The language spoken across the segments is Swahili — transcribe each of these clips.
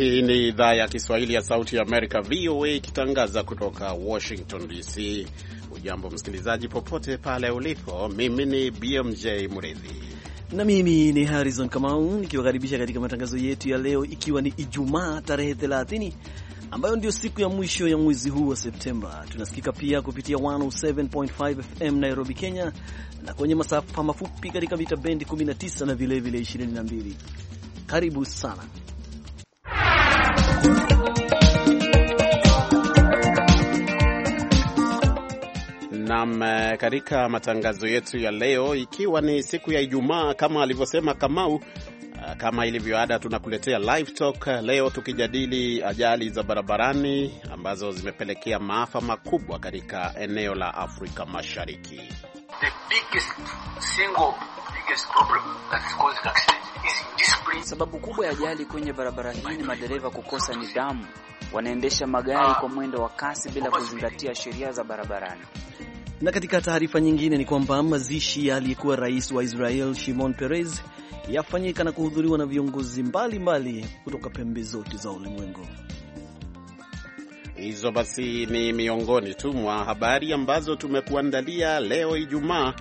Hii ni idhaa ya Kiswahili ya Sauti ya Amerika, VOA, ikitangaza kutoka Washington DC. Ujambo msikilizaji, popote pale ulipo. Mimi ni BMJ Mridhi na mimi ni Harrison Kamau nikiwakaribisha katika matangazo yetu ya leo, ikiwa ni Ijumaa tarehe 30 ambayo ndio siku ya mwisho ya mwezi huu wa Septemba. Tunasikika pia kupitia 107.5 FM Nairobi, Kenya, na kwenye masafa mafupi katika mita bendi 19 na vilevile 22. Karibu sana Nam, eh, katika matangazo yetu ya leo, ikiwa ni siku ya Ijumaa kama alivyosema Kamau, eh, kama ilivyo ada, tunakuletea live talk eh, leo tukijadili ajali za barabarani ambazo zimepelekea maafa makubwa katika eneo la Afrika Mashariki. The biggest single Sababu kubwa ya ajali kwenye barabara hii ni madereva kukosa nidhamu. Wanaendesha magari kwa mwendo wa kasi bila kuzingatia sheria za barabarani. Na katika taarifa nyingine ni kwamba mazishi ya aliyekuwa rais wa Israel Shimon Peres yafanyika na kuhudhuriwa na viongozi mbalimbali kutoka pembe zote za ulimwengu. Hizo basi ni miongoni tu mwa habari ambazo tumekuandalia leo Ijumaa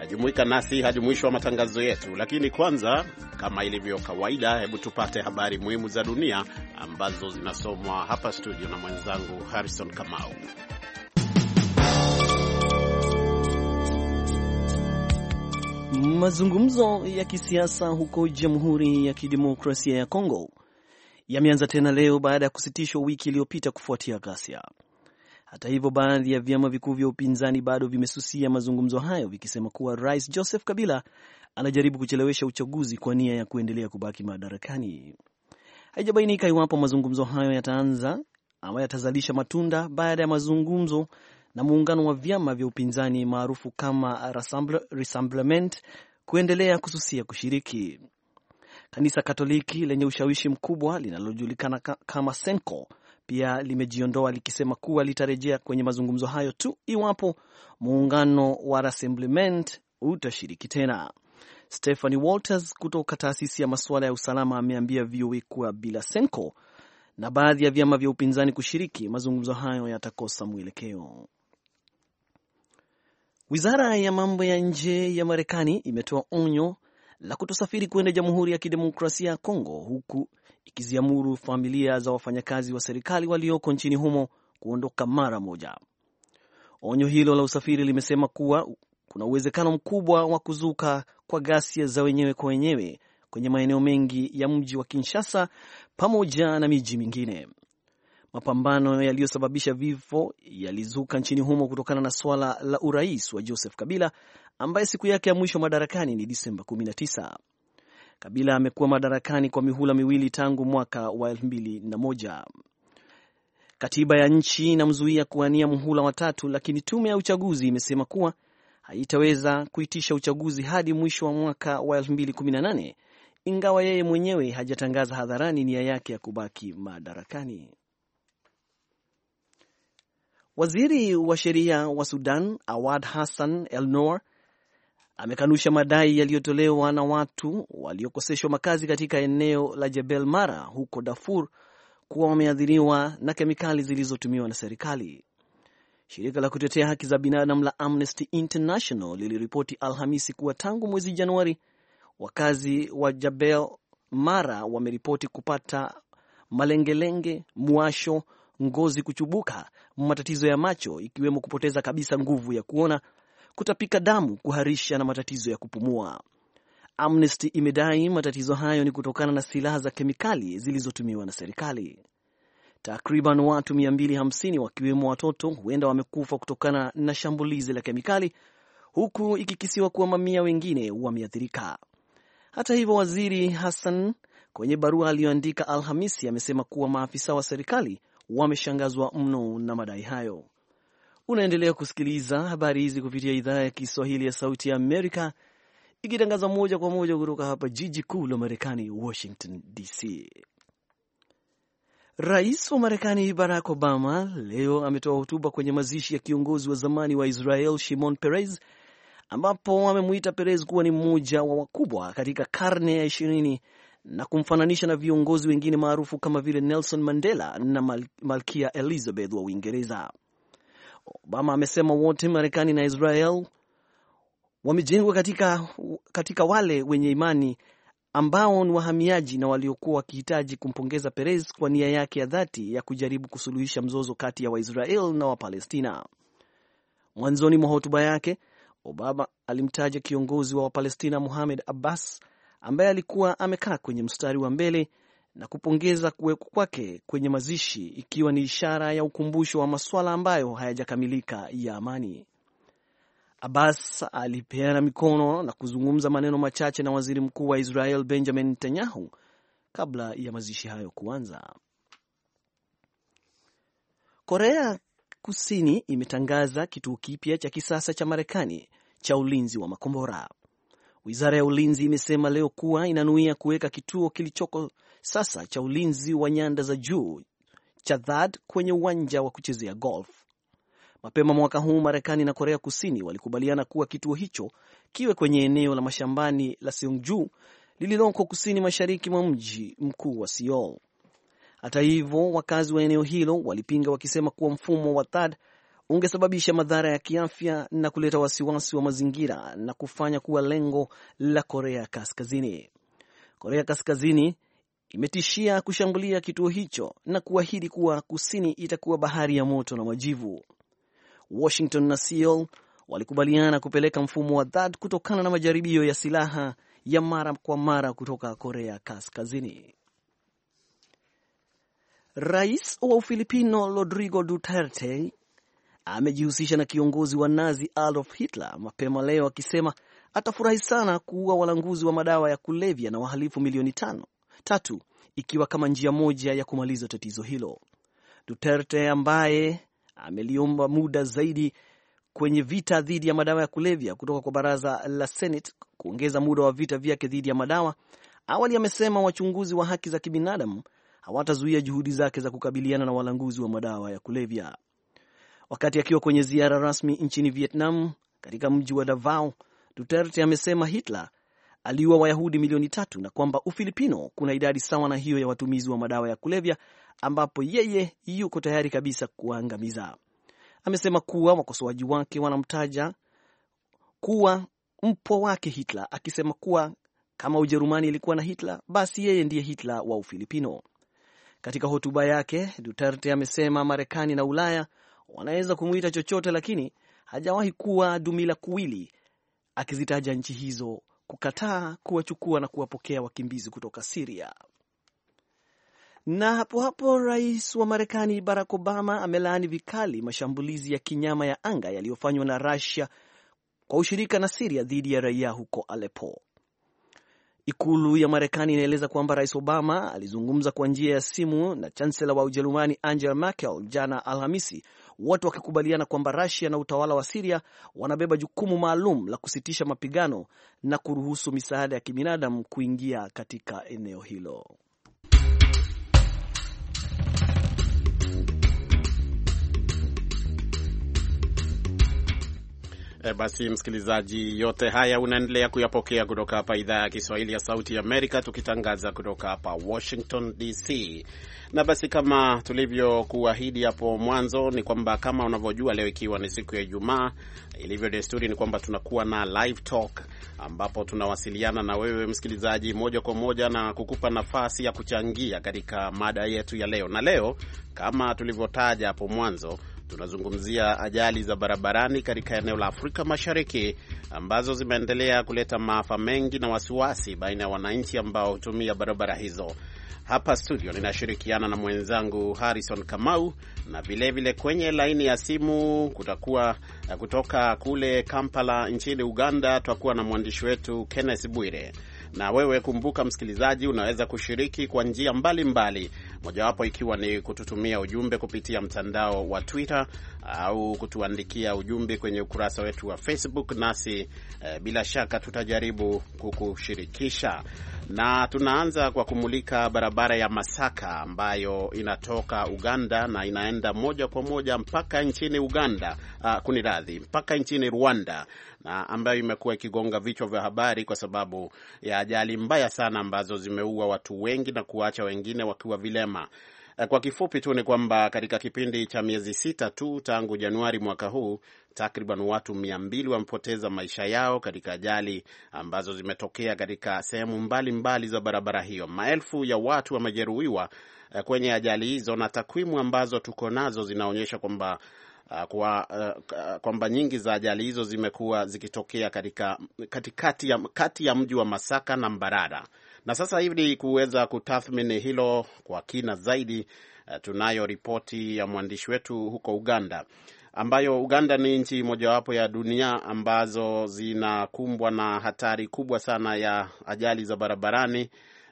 Najumuika nasi hadi mwisho wa matangazo yetu, lakini kwanza, kama ilivyo kawaida, hebu tupate habari muhimu za dunia ambazo zinasomwa hapa studio na mwenzangu Harrison Kamau. Mazungumzo ya kisiasa huko Jamhuri ya Kidemokrasia ya Kongo yameanza tena leo baada ya kusitishwa wiki iliyopita kufuatia ghasia. Hata hivyo, baadhi ya vyama vikuu vya upinzani bado vimesusia mazungumzo hayo, vikisema kuwa Rais Joseph Kabila anajaribu kuchelewesha uchaguzi kwa nia ya kuendelea kubaki madarakani. Haijabainika iwapo mazungumzo hayo yataanza ama yatazalisha matunda baada ya mazungumzo na muungano wa vyama vya upinzani maarufu kama Rassemblement kuendelea kususia kushiriki. Kanisa Katoliki lenye ushawishi mkubwa linalojulikana kama Senko pia limejiondoa likisema kuwa litarejea kwenye mazungumzo hayo tu iwapo muungano wa Rassemblement utashiriki tena. Stephanie Walters kutoka taasisi ya masuala ya usalama ameambia VOA kuwa bila Senko na baadhi ya vyama vya upinzani kushiriki mazungumzo hayo yatakosa mwelekeo. Wizara ya mambo ya nje ya Marekani imetoa onyo la kutosafiri kuenda Jamhuri ya Kidemokrasia ya Kongo, huku ikiziamuru familia za wafanyakazi wa serikali walioko nchini humo kuondoka mara moja. Onyo hilo la usafiri limesema kuwa kuna uwezekano mkubwa wa kuzuka kwa ghasia za wenyewe kwa wenyewe kwenye maeneo mengi ya mji wa Kinshasa pamoja na miji mingine. Mapambano yaliyosababisha vifo yalizuka nchini humo kutokana na swala la urais wa Joseph Kabila ambaye siku yake ya mwisho madarakani ni Disemba 19. Kabila amekuwa madarakani kwa mihula miwili tangu mwaka wa 2001. Katiba ya nchi inamzuia kuwania muhula watatu, lakini tume ya uchaguzi imesema kuwa haitaweza kuitisha uchaguzi hadi mwisho wa mwaka wa 2018 ingawa yeye mwenyewe hajatangaza hadharani nia yake ya kubaki madarakani. Waziri wa sheria wa Sudan Awad Hassan El Noor amekanusha madai yaliyotolewa na watu waliokoseshwa makazi katika eneo la Jebel Mara huko Darfur kuwa wameathiriwa na kemikali zilizotumiwa na serikali. Shirika la kutetea haki za binadamu la Amnesty International liliripoti Alhamisi kuwa tangu mwezi Januari wakazi wa Jebel Mara wameripoti kupata malengelenge, mwasho, ngozi kuchubuka, matatizo ya macho, ikiwemo kupoteza kabisa nguvu ya kuona kutapika damu, kuharisha na matatizo ya kupumua. Amnesty imedai matatizo hayo ni kutokana na silaha za kemikali zilizotumiwa na serikali. Takriban watu 250 wakiwemo watoto huenda wamekufa kutokana na shambulizi la kemikali, huku ikikisiwa kuwa mamia wengine wameathirika. Hata hivyo, waziri Hassan kwenye barua aliyoandika Alhamisi amesema kuwa maafisa wa serikali wameshangazwa mno na madai hayo. Unaendelea kusikiliza habari hizi kupitia idhaa ya Kiswahili ya Sauti ya Amerika, ikitangaza moja kwa moja kutoka hapa jiji kuu la Marekani, Washington DC. Rais wa Marekani Barack Obama leo ametoa hotuba kwenye mazishi ya kiongozi wa zamani wa Israel Shimon Peres, ambapo amemuita Peres kuwa ni mmoja wa wakubwa katika karne ya ishirini na kumfananisha na viongozi wengine maarufu kama vile Nelson Mandela na Malkia Elizabeth wa Uingereza. Obama amesema wote Marekani na Israel wamejengwa katika, katika wale wenye imani ambao ni wahamiaji na waliokuwa wakihitaji kumpongeza Perez kwa nia yake ya dhati ya kujaribu kusuluhisha mzozo kati ya Waisrael na Wapalestina. Mwanzoni mwa hotuba yake, Obama alimtaja kiongozi wa Wapalestina Muhamed Abbas ambaye alikuwa amekaa kwenye mstari wa mbele na kupongeza kuwekwa kwake kwenye mazishi ikiwa ni ishara ya ukumbusho wa masuala ambayo hayajakamilika ya amani. Abbas alipeana mikono na kuzungumza maneno machache na waziri mkuu wa Israel Benjamin Netanyahu kabla ya mazishi hayo kuanza. Korea Kusini imetangaza kituo kipya cha kisasa cha Marekani cha ulinzi wa makombora. Wizara ya ulinzi imesema leo kuwa inanuia kuweka kituo kilichoko sasa cha ulinzi wa nyanda za juu cha Dhad kwenye uwanja wa kuchezea golf. Mapema mwaka huu Marekani na Korea Kusini walikubaliana kuwa kituo hicho kiwe kwenye eneo la mashambani la Seongju lililoko kusini mashariki mwa mji mkuu wa Seoul. Hata hivyo, wakazi wa eneo hilo walipinga wakisema kuwa mfumo wa Thad ungesababisha madhara ya kiafya na kuleta wasiwasi wa mazingira na kufanya kuwa lengo la Korea Kaskazini. Korea Kaskazini imetishia kushambulia kituo hicho na kuahidi kuwa kusini itakuwa bahari ya moto na majivu. Washington na Seoul walikubaliana kupeleka mfumo wa THAAD kutokana na majaribio ya silaha ya mara kwa mara kutoka Korea Kaskazini. Rais wa Ufilipino Rodrigo Duterte amejihusisha na kiongozi wa Nazi Adolf Hitler mapema leo akisema atafurahi sana kuua walanguzi wa madawa ya kulevya na wahalifu milioni tano tatu ikiwa kama njia moja ya kumaliza tatizo hilo. Duterte ambaye ameliomba muda zaidi kwenye vita dhidi ya madawa ya kulevya kutoka kwa baraza la Senate kuongeza muda wa vita vyake dhidi ya madawa, awali amesema wachunguzi wa haki za kibinadamu hawatazuia juhudi zake za kukabiliana na walanguzi wa madawa ya kulevya. Wakati akiwa kwenye ziara rasmi nchini Vietnam katika mji wa Davao, Duterte amesema Hitler aliua Wayahudi milioni tatu na kwamba Ufilipino kuna idadi sawa na hiyo ya watumizi wa madawa ya kulevya ambapo yeye yuko tayari kabisa kuwaangamiza. Amesema kuwa wakosoaji wake wanamtaja kuwa mpwa wake Hitler, akisema kuwa kama Ujerumani ilikuwa na Hitler, basi yeye ndiye Hitler wa Ufilipino. Katika hotuba yake, Duterte amesema Marekani na Ulaya wanaweza kumwita chochote, lakini hajawahi kuwa dumila kuwili, akizitaja nchi hizo kukataa kuwachukua na kuwapokea wakimbizi kutoka Siria. Na hapo hapo rais wa Marekani Barack Obama amelaani vikali mashambulizi ya kinyama ya anga yaliyofanywa na rasia kwa ushirika na Siria dhidi ya raia huko alepo Ikulu ya Marekani inaeleza kwamba rais Obama alizungumza kwa njia ya simu na chansela wa Ujerumani Angela Merkel jana Alhamisi, wote wakikubaliana kwamba Russia na utawala wa Siria wanabeba jukumu maalum la kusitisha mapigano na kuruhusu misaada ya kibinadamu kuingia katika eneo hilo. E, basi msikilizaji, yote haya unaendelea kuyapokea kutoka hapa idhaa ya Kiswahili ya Sauti Amerika, tukitangaza kutoka hapa Washington DC. Na basi kama tulivyokuahidi hapo mwanzo, ni kwamba kama unavyojua, leo ikiwa ni siku ya Ijumaa, ilivyo desturi, ni kwamba tunakuwa na live talk, ambapo tunawasiliana na wewe msikilizaji moja kwa moja na kukupa nafasi ya kuchangia katika mada yetu ya leo. Na leo kama tulivyotaja hapo mwanzo Tunazungumzia ajali za barabarani katika eneo la Afrika Mashariki ambazo zimeendelea kuleta maafa mengi na wasiwasi baina ya wananchi ambao hutumia barabara hizo. Hapa studio ninashirikiana na mwenzangu Harrison Kamau, na vilevile vile kwenye laini ya simu kutakuwa eh, kutoka kule Kampala nchini Uganda, tutakuwa na mwandishi wetu Kenneth Bwire. Na wewe kumbuka, msikilizaji, unaweza kushiriki kwa njia mbalimbali mojawapo ikiwa ni kututumia ujumbe kupitia mtandao wa Twitter uh, au kutuandikia ujumbe kwenye ukurasa wetu wa Facebook, nasi eh, bila shaka tutajaribu kukushirikisha na tunaanza kwa kumulika barabara ya Masaka ambayo inatoka Uganda na inaenda moja kwa moja mpaka nchini Uganda, uh, kuniradhi, mpaka nchini Rwanda na ambayo imekuwa ikigonga vichwa vya habari kwa sababu ya ajali mbaya sana ambazo zimeua watu wengi na kuacha wengine wakiwa vilema. Eh, kwa kifupi tu ni kwamba katika kipindi cha miezi sita tu tangu Januari mwaka huu Takriban watu mia mbili wamepoteza maisha yao katika ajali ambazo zimetokea katika sehemu mbalimbali za barabara hiyo. Maelfu ya watu wamejeruhiwa eh, kwenye ajali hizo, na takwimu ambazo tuko nazo zinaonyesha kwamba eh, kwa, eh, kwamba nyingi za ajali hizo zimekuwa zikitokea katika katikati ya, kati ya mji wa Masaka na Mbarara. Na sasa hivi kuweza kutathmini hilo kwa kina zaidi, tunayo ripoti ya mwandishi wetu huko Uganda ambayo Uganda ni nchi mojawapo ya dunia ambazo zinakumbwa na hatari kubwa sana ya ajali za barabarani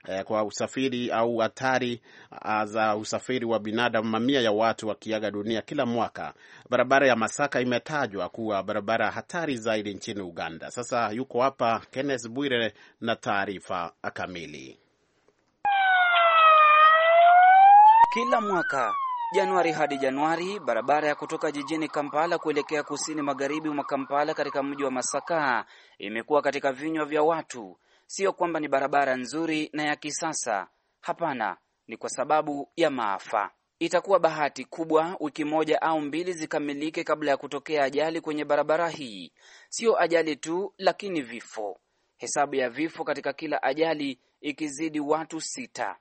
eh, kwa usafiri au hatari ah, za usafiri wa binadamu, mamia ya watu wakiaga dunia kila mwaka. Barabara ya Masaka imetajwa kuwa barabara hatari zaidi nchini Uganda. Sasa yuko hapa Kenneth Bwire na taarifa kamili. Kila mwaka Januari hadi Januari, barabara ya kutoka jijini Kampala kuelekea kusini magharibi mwa Kampala katika mji wa Masaka imekuwa katika vinywa vya watu. Sio kwamba ni barabara nzuri na ya kisasa, hapana, ni kwa sababu ya maafa. Itakuwa bahati kubwa wiki moja au mbili zikamilike kabla ya kutokea ajali kwenye barabara hii. Sio ajali tu, lakini vifo. Hesabu ya vifo katika kila ajali ikizidi watu sita.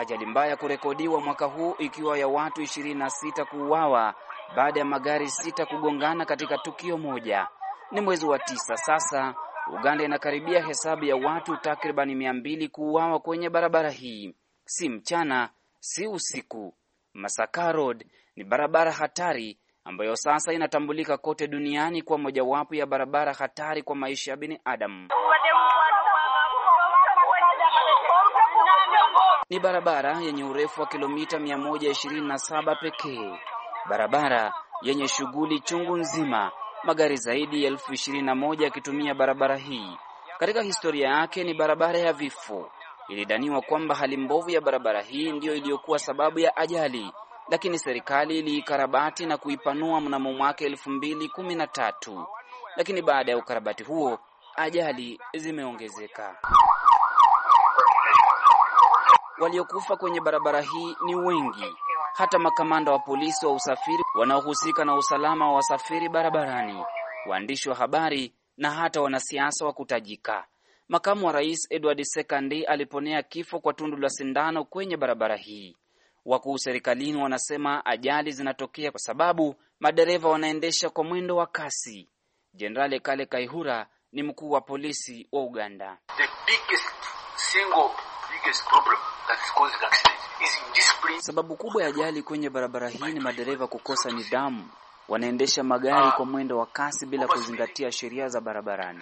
Ajali mbaya kurekodiwa mwaka huu ikiwa ya watu 26 kuuawa baada ya magari sita kugongana katika tukio moja. Ni mwezi wa tisa sasa. Uganda inakaribia hesabu ya watu takribani mia mbili kuuawa kwenye barabara hii. Si mchana, si usiku. Masaka Road ni barabara hatari ambayo sasa inatambulika kote duniani kwa mojawapo ya barabara hatari kwa maisha ya binadamu. ni barabara yenye urefu wa kilomita 127 pekee, barabara yenye shughuli chungu nzima, magari zaidi ya elfu moja yakitumia barabara hii. Katika historia yake ni barabara ya vifo. Ilidaniwa kwamba hali mbovu ya barabara hii ndiyo iliyokuwa sababu ya ajali, lakini serikali iliikarabati na kuipanua mnamo mwaka tatu, lakini baada ya ukarabati huo ajali zimeongezeka. Waliokufa kwenye barabara hii ni wengi, hata makamanda wa polisi wa usafiri wanaohusika na usalama wa wasafiri barabarani, waandishi wa habari na hata wanasiasa wa kutajika. Makamu wa rais Edward Sekandi aliponea kifo kwa tundu la sindano kwenye barabara hii. Wakuu serikalini wanasema ajali zinatokea kwa sababu madereva wanaendesha kwa mwendo wa kasi. Jenerali Kale Kaihura ni mkuu wa polisi wa Uganda. The biggest single Sababu kubwa ya ajali kwenye barabara hii ni madereva kukosa nidhamu. Wanaendesha magari kwa mwendo wa kasi bila kuzingatia sheria za barabarani.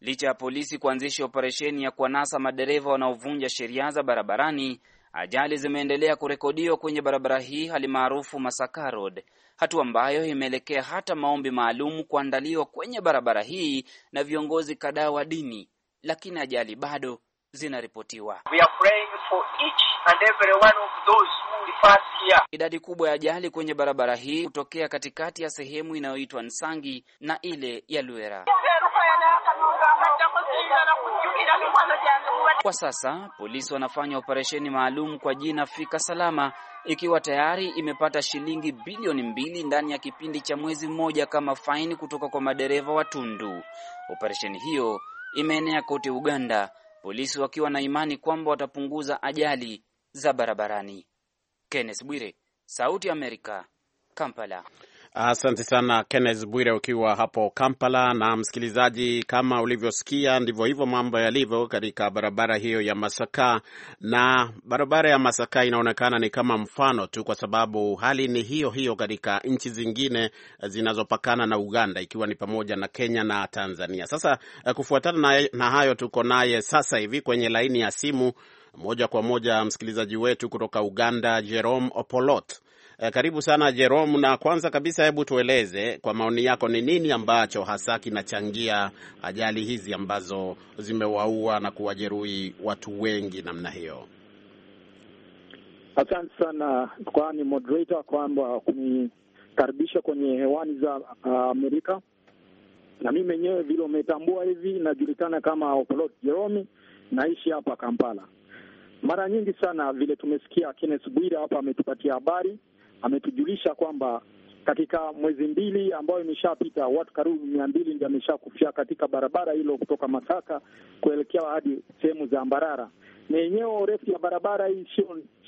Licha ya polisi kuanzisha operesheni ya kuwanasa madereva wanaovunja sheria za barabarani, ajali zimeendelea kurekodiwa kwenye barabara hii maarufu Masaka Road, hatua ambayo imeelekea hata maombi maalum kuandaliwa kwenye barabara hii na viongozi kadhaa wa dini, lakini ajali bado zinaripotiwa. Idadi kubwa ya ajali kwenye barabara hii hutokea katikati ya sehemu inayoitwa Nsangi na ile ya Luera. Kwa sasa polisi wanafanya operesheni maalum kwa jina Fika Salama, ikiwa tayari imepata shilingi bilioni mbili ndani ya kipindi cha mwezi mmoja kama faini kutoka kwa madereva wa tundu. Operesheni hiyo imeenea kote Uganda polisi wakiwa na imani kwamba watapunguza ajali za barabarani. Kenneth Bwire, Sauti ya Amerika, Kampala. Asante sana Kenneth Bwire ukiwa hapo Kampala. Na msikilizaji, kama ulivyosikia, ndivyo hivyo mambo yalivyo katika barabara hiyo ya Masaka, na barabara ya Masaka inaonekana ni kama mfano tu, kwa sababu hali ni hiyo hiyo katika nchi zingine zinazopakana na Uganda, ikiwa ni pamoja na Kenya na Tanzania. Sasa eh, kufuatana na, na hayo, tuko naye sasa hivi kwenye laini ya simu moja kwa moja msikilizaji wetu kutoka Uganda, Jerome Opolot Eh, karibu sana Jerome, na kwanza kabisa, hebu tueleze kwa maoni yako ni nini ambacho hasa kinachangia ajali hizi ambazo zimewaua na kuwajeruhi watu wengi namna hiyo? Asante sana kwani moderator kwamba kunikaribisha kwenye hewani za uh, Amerika na mimi mwenyewe vile umetambua hivi, najulikana kama Opolot Jerome, naishi hapa Kampala. Mara nyingi sana vile tumesikia Kenneth Bwira hapa ametupatia habari ametujulisha kwamba katika mwezi mbili ambayo imeshapita watu karibu mia mbili ndio ameshakufia katika barabara hilo kutoka Masaka kuelekea hadi sehemu za Mbarara, na yenyewe urefu ya barabara hii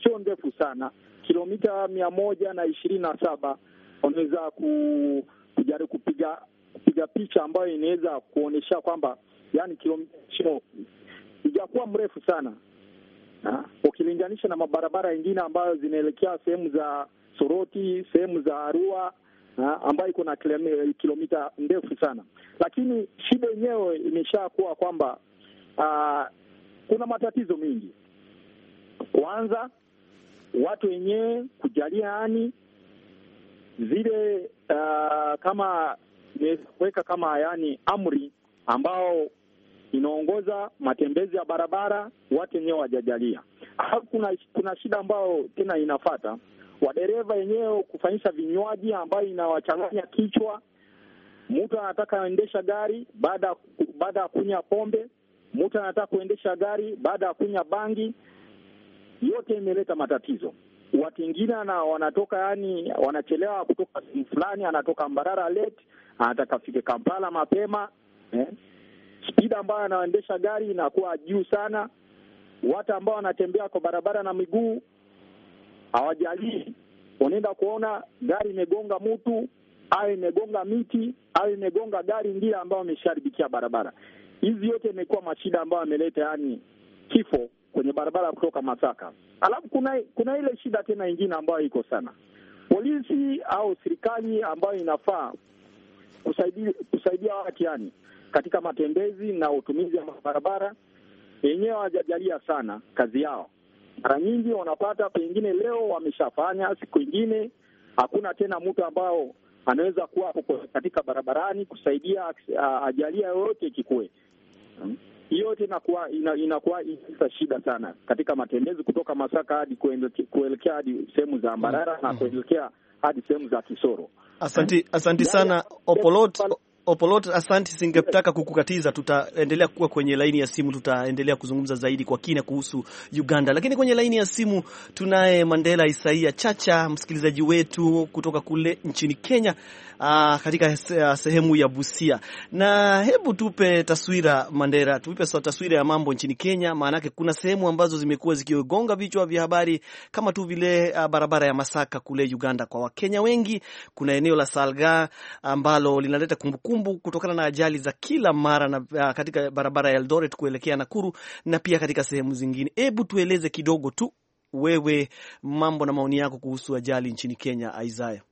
sio ndefu sana, kilomita mia moja na ishirini na saba. Unaweza kujaribu kupiga kupiga picha ambayo inaweza kuonyesha kwamba yani kilomita ijakuwa mrefu sana ukilinganisha na mabarabara yengine ambayo zinaelekea sehemu za Soroti, sehemu za Arua ambayo iko na kilomita ndefu sana, lakini shida yenyewe imesha kuwa kwamba ah, kuna matatizo mengi. Kwanza watu wenyewe kujaliani zile uh, kama imeweka kama yani amri ambao inaongoza matembezi ya barabara, watu wenyewe wajajalia. Alafu kuna, kuna shida ambayo tena inafata wadereva wenyewe kufanyisha vinywaji ambayo inawachanganya kichwa. Mtu anataka aendesha gari baada baada ya kunywa pombe, mtu anataka kuendesha gari baada ya kunywa bangi. Yote imeleta matatizo. Watu wengine wanatoka yani, wanachelewa kutoka sehemu fulani, anatoka Mbarara late, anataka afike Kampala mapema eh? Spidi ambayo anaendesha gari inakuwa juu sana. Watu ambao wanatembea kwa barabara na miguu hawajalii. Wanaenda kuona gari imegonga mutu au imegonga miti au imegonga gari ingine ambayo amesharibikia barabara. Hizi yote imekuwa mashida ambayo ameleta yani kifo kwenye barabara kutoka Masaka. Alafu kuna kuna ile shida tena ingine ambayo iko sana, polisi au serikali ambayo inafaa kusaidia kusaidia watu yani katika matembezi na utumizi wa barabara, yenyewe hawajajalia sana kazi yao. Mara nyingi wanapata pengine leo wameshafanya, siku ingine hakuna tena mtu ambao anaweza kuwa katika barabarani kusaidia ah, ajalia yoyote ikikue hiyo yote inakuwa inakuwa inaleta shida sana katika matembezi kutoka Masaka hadi kuelekea hadi sehemu za Mbarara mm -hmm. na kuelekea hadi sehemu za Kisoro. Asanti, asanti eh? sana Opolot Opolot, asanti. Singetaka kukukatiza, tutaendelea kuwa kwenye laini ya simu, tutaendelea kuzungumza zaidi kwa kina kuhusu Uganda, lakini kwenye laini ya simu tunaye Mandela Isaia Chacha, msikilizaji wetu kutoka kule nchini Kenya, aa, ah, katika ah, sehemu ya Busia. Na hebu tupe taswira Mandela, tupe taswira ya mambo nchini Kenya, maanake kuna sehemu ambazo zimekuwa zikigonga vichwa vya habari kama tu vile ah, barabara ya Masaka kule Uganda. Kwa Wakenya wengi kuna eneo la Salga ambalo linaleta kumbukumbu kumbukumbu kutokana na ajali za kila mara na, uh, katika barabara ya Eldoret kuelekea Nakuru na pia katika sehemu zingine. Hebu tueleze kidogo tu wewe mambo na maoni yako kuhusu ajali nchini Kenya. Isaya,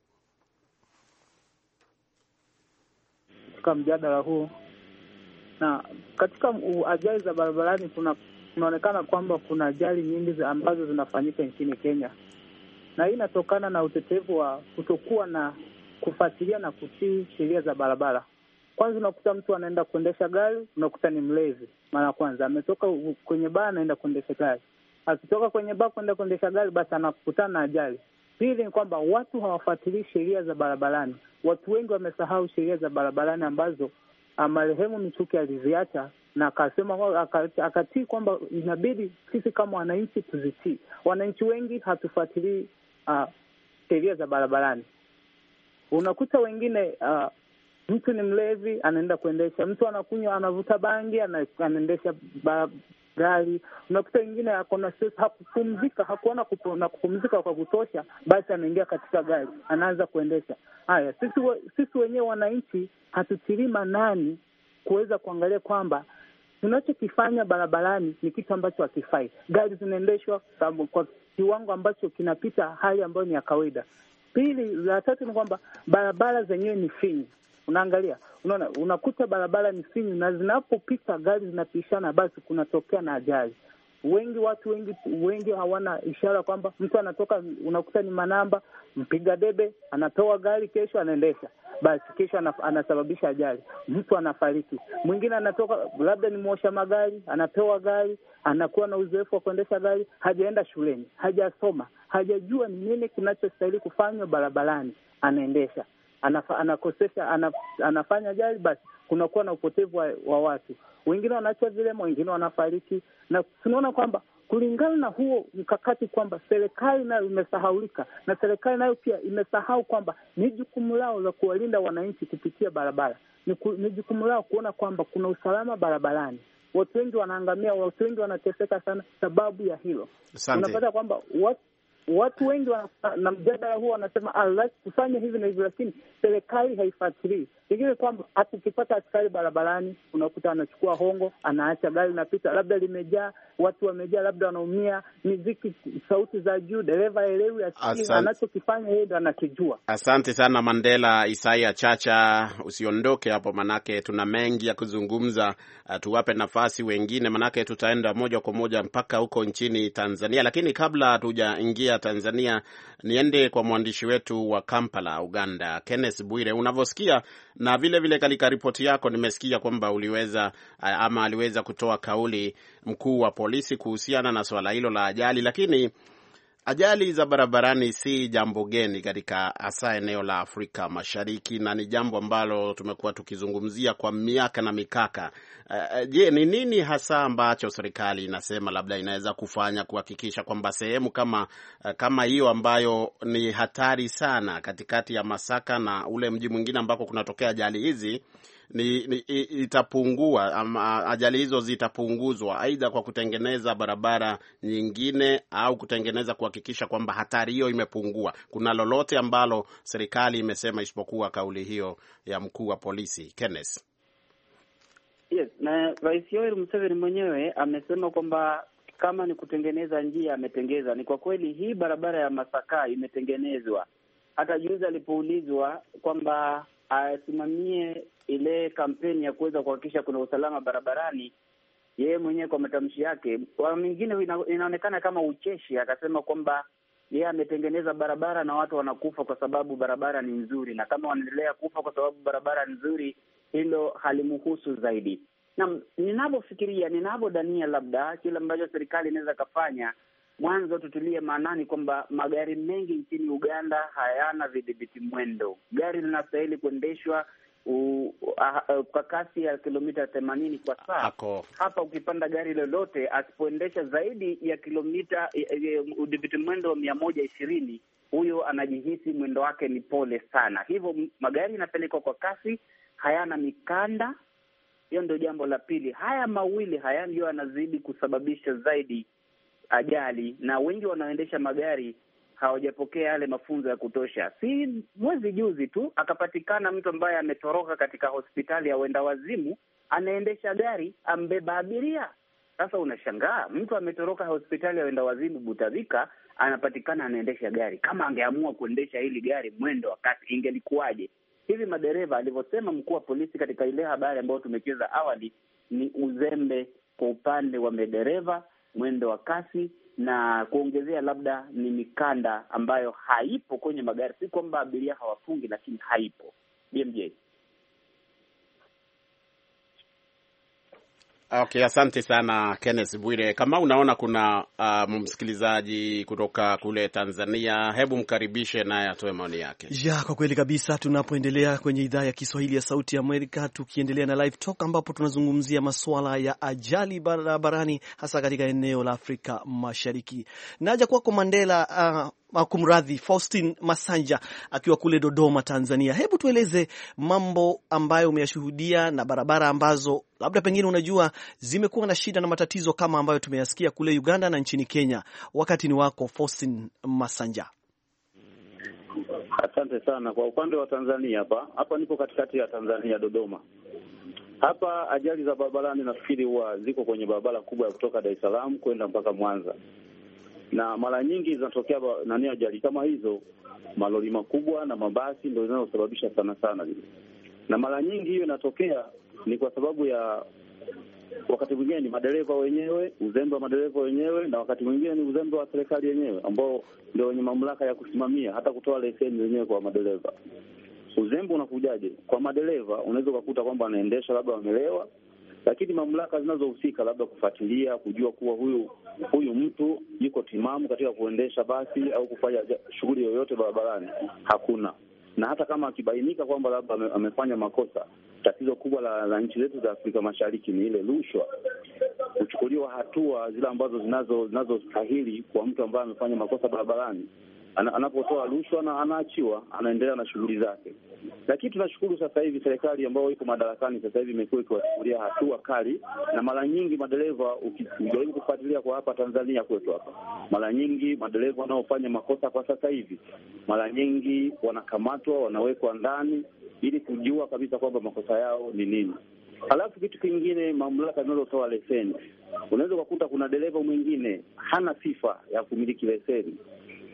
katika mjadala huu na katika ajali za barabarani, kuna kunaonekana kwamba kuna ajali nyingi ambazo zinafanyika nchini Kenya, na hii inatokana na utetevu wa kutokuwa na kufuatilia na kutii sheria za barabara. Kwanza unakuta mtu anaenda kuendesha gari, unakuta ni mlevi. Mara kwanza ametoka kwenye baa, anaenda kuendesha gari. Akitoka kwenye baa kuenda kuendesha gari, basi anakutana na ajali. Pili ni kwamba watu hawafuatilii sheria za barabarani. Watu wengi wamesahau sheria za barabarani ambazo ah, marehemu Michuki aliziacha na akasema akatii kwamba inabidi sisi kama wananchi tuzitii. Wananchi wengi hatufuatilii uh, sheria za barabarani. Unakuta wengine uh, Mtu ni mlevi, anaenda kuendesha. Mtu anakunywa, anavuta bangi, anaendesha gari. Unakuta wengine akona stress, hakupumzika, hakuona kupu, na kupumzika kwa kutosha, basi anaingia katika gari, anaanza kuendesha. Haya, sisi, sisi wenyewe wananchi hatutilii maanani kuweza kuangalia kwamba tunachokifanya barabarani ni kitu ambacho hakifai. Gari zinaendeshwa kwa kiwango ambacho kinapita hali ambayo ni ya kawaida. Pili, la tatu ni kwamba barabara zenyewe ni finyu unaangalia, unaona, unakuta barabara ni finyu, na zinapopita gari zinapishana, basi kunatokea na ajali. Wengi watu wengi wengi hawana ishara kwamba mtu anatoka, unakuta ni manamba mpiga debe, anatoa gari, kesho anaendesha, basi kesho anasababisha ajali, mtu anafariki. Mwingine anatoka labda ni mwosha magari, anapewa gari, anakuwa na uzoefu wa kuendesha gari, hajaenda shuleni, hajasoma, hajajua ni nini kinachostahili kufanywa barabarani, anaendesha anafa, anakosesha anaf, anafanya jari basi kunakuwa na upotevu wa, wa watu wengine wanaachwa vilema, wengine wanafariki, na tunaona kwamba kulingana na huo mkakati kwamba serikali nayo imesahaulika na serikali nayo pia imesahau kwamba ni jukumu lao la kuwalinda wananchi kupitia barabara, ni jukumu lao kuona kwamba kuna usalama barabarani. Watu wengi wanaangamia, watu wengi wanateseka sana sababu ya hilo. Unapata kwamba watu watu wengi wana, na mjadala huo wanasema alright, ah, kufanya hivi na hivi, lakini serikali haifuatilii. Pengine kwamba hata ukipata askari barabarani unakuta anachukua hongo, anaacha gari linapita, labda limejaa watu, wamejaa labda wanaumia, miziki, sauti za juu, dereva elewi anachokifanya yeye ndo anakijua. Asante sana Mandela Isaya Chacha, usiondoke hapo, manake tuna mengi ya kuzungumza. Ah, tuwape nafasi wengine, manake tutaenda moja kwa moja mpaka huko nchini Tanzania, lakini kabla hatujaingia ya Tanzania, niende kwa mwandishi wetu wa Kampala, Uganda, Kenneth Bwire. Unavyosikia na vilevile vile katika ripoti yako nimesikia kwamba uliweza eh, ama aliweza kutoa kauli mkuu wa polisi kuhusiana na swala hilo la ajali, lakini Ajali za barabarani si jambo geni katika hasa eneo la Afrika Mashariki, na ni jambo ambalo tumekuwa tukizungumzia kwa miaka na mikaka. Uh, je, ni nini hasa ambacho serikali inasema labda inaweza kufanya kuhakikisha kwamba sehemu kama uh, kama hiyo ambayo ni hatari sana katikati ya Masaka na ule mji mwingine ambako kunatokea ajali hizi ni, ni, itapungua ama ajali hizo zitapunguzwa, aidha kwa kutengeneza barabara nyingine au kutengeneza kuhakikisha kwamba hatari hiyo imepungua. Kuna lolote ambalo serikali imesema isipokuwa kauli hiyo ya mkuu wa polisi Kenneth? Yes, na Rais Yoweri Museveni mwenyewe amesema kwamba kama ni kutengeneza njia ametengeza. Ni kwa kweli hii barabara ya Masaka imetengenezwa. Hata juzi alipoulizwa kwamba asimamie ile kampeni ya kuweza kuhakikisha kuna usalama barabarani, yeye mwenyewe kwa matamshi yake, kwa mingine ina, inaonekana kama ucheshi. Akasema kwamba yeye ametengeneza barabara na watu wanakufa kwa sababu barabara ni nzuri, na kama wanaendelea kufa kwa sababu barabara ni nzuri, hilo halimuhusu zaidi. Na ninavyofikiria, ninavyodania, labda kile ambacho serikali inaweza kafanya, mwanzo tutulie maanani kwamba magari mengi nchini Uganda hayana vidhibiti mwendo. Gari linastahili kuendeshwa u, kwa kasi ya kilomita themanini kwa saa Ako. Hapa ukipanda gari lolote asipoendesha zaidi ya kilomita udhibiti mwendo wa mia moja ishirini huyo anajihisi mwendo wake ni pole sana, hivyo magari yanapelekwa kwa kasi, hayana mikanda. Hiyo ndio jambo la pili. Haya mawili haya ndio yanazidi kusababisha zaidi ajali, na wengi wanaoendesha magari hawajapokea yale mafunzo ya kutosha. Si mwezi juzi tu akapatikana mtu ambaye ametoroka katika hospitali ya wenda wazimu, anaendesha gari, ambeba abiria. Sasa unashangaa mtu ametoroka hospitali ya wenda wazimu Butavika, anapatikana anaendesha gari. Kama angeamua kuendesha hili gari mwendo wa kasi, ingelikuwaje? Hivi madereva alivyosema mkuu wa polisi katika ile habari ambayo tumecheza awali, ni uzembe kwa upande wa madereva, mwendo wa kasi na kuongezea labda ni mikanda ambayo haipo kwenye magari, si kwamba abiria hawafungi, lakini haipo. BMJ Okay, asante sana Kenneth Bwire. Kama unaona kuna uh, msikilizaji kutoka kule Tanzania, hebu mkaribishe naye atoe maoni yake. Ya, kwa kweli kabisa tunapoendelea kwenye idhaa ya Kiswahili ya Sauti ya Amerika, tukiendelea na Live Talk ambapo tunazungumzia masuala ya ajali barabarani hasa katika eneo la Afrika Mashariki. Naja kwako Mandela, uh, kumradhi, Faustin Masanja akiwa kule Dodoma, Tanzania. Hebu tueleze mambo ambayo umeyashuhudia na barabara ambazo labda pengine unajua zimekuwa na shida na matatizo kama ambayo tumeyasikia kule Uganda na nchini Kenya. Wakati ni wako Faustin Masanja. Asante sana. Kwa upande wa Tanzania, hapa hapa nipo katikati ya Tanzania, Dodoma. Hapa ajali za barabarani nafikiri huwa ziko kwenye barabara kubwa ya kutoka Dar es Salaam kwenda mpaka Mwanza na mara nyingi zinatokea nani, ajali kama hizo, malori makubwa na mabasi ndio zinazosababisha sana sana, na mara nyingi hiyo inatokea ni kwa sababu ya wakati mwingine ni madereva wenyewe, uzembe wa madereva wenyewe, na wakati mwingine ni uzembe wa serikali yenyewe ambao ndio wenye mamlaka ya kusimamia hata kutoa leseni wenyewe kwa madereva. Uzembe unakujaje kwa madereva? Unaweza ukakuta kwamba anaendesha labda wamelewa, lakini mamlaka zinazohusika labda kufuatilia kujua kuwa huyu huyu mtu yuko timamu katika kuendesha basi au kufanya shughuli yoyote barabarani hakuna. Na hata kama akibainika kwamba labda amefanya makosa, tatizo kubwa la, la nchi zetu za Afrika Mashariki ni ile rushwa, kuchukuliwa hatua zile ambazo zinazostahili zinazo kwa mtu ambaye amefanya makosa barabarani ana, anapotoa rushwa na anaachiwa, anaendelea na shughuli zake. Lakini tunashukuru sasa hivi serikali ambayo iko madarakani sasa hivi imekuwa ikiwachukulia hatua kali, na mara nyingi madereva, ukijaribu kufuatilia kwa hapa Tanzania kwetu hapa, mara nyingi madereva wanaofanya makosa kwa sasa hivi, mara nyingi wanakamatwa, wanawekwa ndani ili kujua kabisa kwamba makosa yao ni nini. Halafu kitu kingine, mamlaka zinazotoa leseni, unaweza ukakuta kuna dereva mwingine hana sifa ya kumiliki leseni,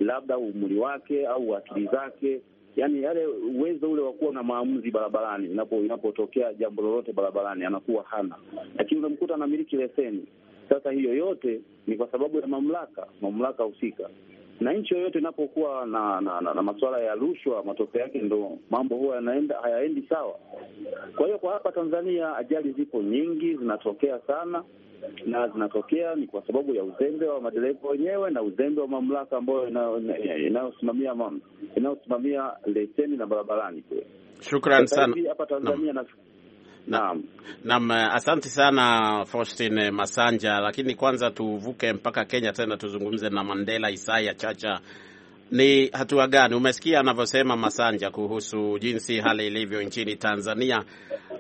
labda umri wake au akili zake, yani yale uwezo ule wa kuwa na maamuzi barabarani. Inapo inapotokea jambo lolote barabarani anakuwa hana, lakini unamkuta anamiliki leseni. Sasa hiyo yote ni kwa sababu ya mamlaka, mamlaka husika na nchi yoyote inapokuwa na na, na, na masuala ya rushwa, matokeo yake ndo mambo huwa yanaenda hayaendi sawa. Kwa hiyo kwa hapa Tanzania ajali zipo nyingi, zinatokea sana, na zinatokea ni kwa sababu ya uzembe wa madereva wenyewe na uzembe wa mamlaka ambayo inayosimamia inayosimamia leseni na barabarani Shukran sana hapa Tanzania no. Naam, na, eh, asante sana Faustin eh, Masanja, lakini kwanza tuvuke mpaka Kenya tena tuzungumze na Mandela Isaya Chacha ni hatua gani? Umesikia anavyosema Masanja kuhusu jinsi hali ilivyo nchini Tanzania.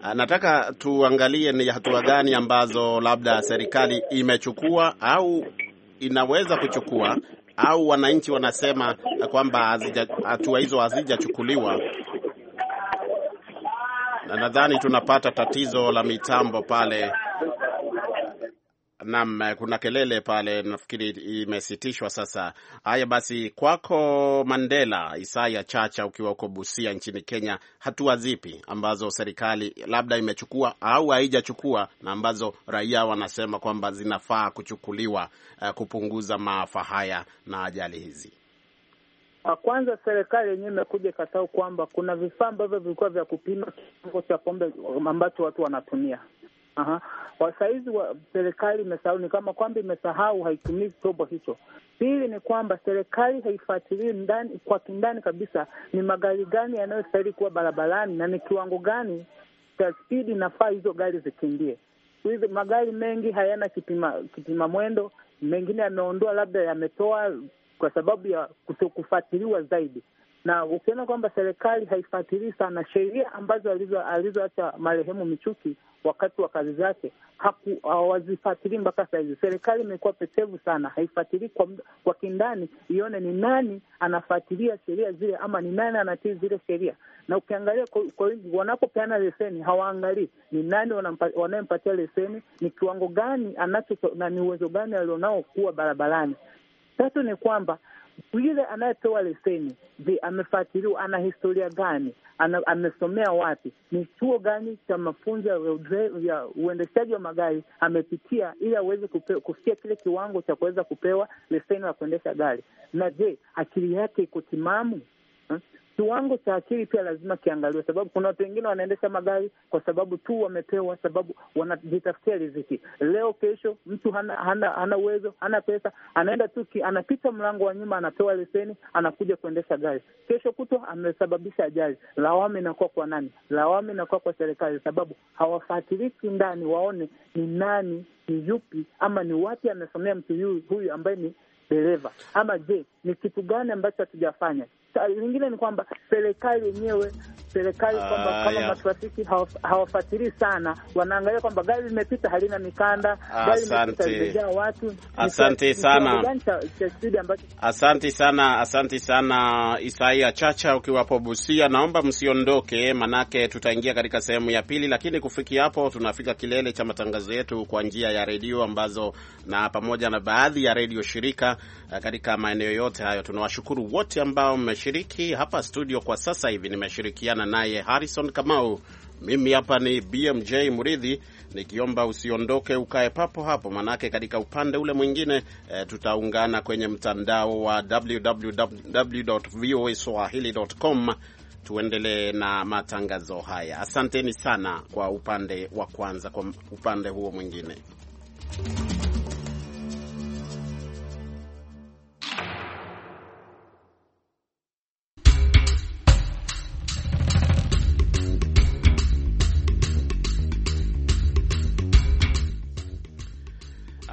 Ah, nataka tuangalie ni hatua gani ambazo labda serikali imechukua au inaweza kuchukua au wananchi wanasema kwamba hatua hizo hazijachukuliwa. Na nadhani tunapata tatizo la mitambo pale Naam, eh, kuna kelele pale, nafikiri imesitishwa sasa. Haya basi, kwako Mandela Isaya Chacha, ukiwa huko Busia nchini Kenya, hatua zipi ambazo serikali labda imechukua au haijachukua na ambazo raia wanasema kwamba zinafaa kuchukuliwa uh, kupunguza maafa haya na ajali hizi? Ah, kwanza serikali yenyewe imekuja ikasahau kwamba kuna vifaa ambavyo vilikuwa vya kupima kiwango cha pombe ambacho watu wanatumia Aha. Kwa saizi wa serikali imesahau, ni kama kwamba imesahau, haitumii chombo hicho. Pili ni kwamba serikali haifuatilii ndani kwa kindani kabisa ni magari gani yanayostahili kuwa barabarani na ni kiwango gani cha spidi nafaa hizo gari zikimbie. hizi magari mengi hayana kipima, kipima mwendo, mengine yameondoa labda yametoa kwa sababu ya kutokufuatiliwa zaidi na ukiona kwamba serikali haifuatilii sana sheria ambazo alizoacha marehemu Michuki wakati wa kazi zake, hawazifuatilii mpaka sahizi. Serikali imekuwa petevu sana, haifuatilii kwa, kwa kindani ione ni nani anafuatilia sheria zile ama ni nani anatii zile sheria. Na ukiangalia kwa wingi, wanapopeana leseni hawaangalii ni nani wanayempatia leseni, ni kiwango gani anacho na ni uwezo gani alionao kuwa barabarani. Tatu ni kwamba yule anayepewa leseni, je, amefuatiliwa? Ana historia gani? ana, amesomea wapi? Ni chuo gani cha mafunzo ya uendeshaji wa magari amepitia, ili aweze kufikia kile kiwango cha kuweza kupewa leseni ya kuendesha gari? Na je, akili yake iko timamu? kiwango cha akili pia lazima kiangaliwe, sababu kuna watu wengine wanaendesha magari kwa sababu tu wamepewa, sababu wanajitafutia riziki leo, kesho. Mtu hana hana hana uwezo, hana pesa, anaenda tu, anapita mlango wa nyuma, anapewa leseni, anakuja kuendesha gari, kesho kutwa amesababisha ajali. Lawama inakuwa kwa nani? Lawama inakuwa kwa serikali, sababu hawafatiliki ndani waone ni nani, ni yupi, ama ni wapi amesomea mtu huyu huyu ambaye ni dereva ama je, ni kitu gani ambacho hatujafanya? lingine ni kwamba serikali yenyewe serikali ah, kwamba kama matrafiki hawafuatilii sana, wanaangalia kwamba gari limepita halina mikanda, ah, gari limepita limejaa watu. Asante sana, asante sana, asante sana Isaia Chacha ukiwapo Busia. Naomba msiondoke, manake tutaingia katika sehemu ya pili, lakini kufikia hapo tunafika kilele cha matangazo yetu kwa njia ya redio ambazo na pamoja na baadhi ya redio shirika eh, katika maeneo yote hayo. Tunawashukuru wote ambao mme anayeshiriki hapa studio kwa sasa hivi. Nimeshirikiana naye Harrison Kamau. Mimi hapa ni BMJ Muridhi, nikiomba usiondoke, ukae papo hapo, manake katika upande ule mwingine e, tutaungana kwenye mtandao wa www.voaswahili.com tuendelee na matangazo haya. Asanteni sana kwa upande wa kwanza, kwa upande huo mwingine.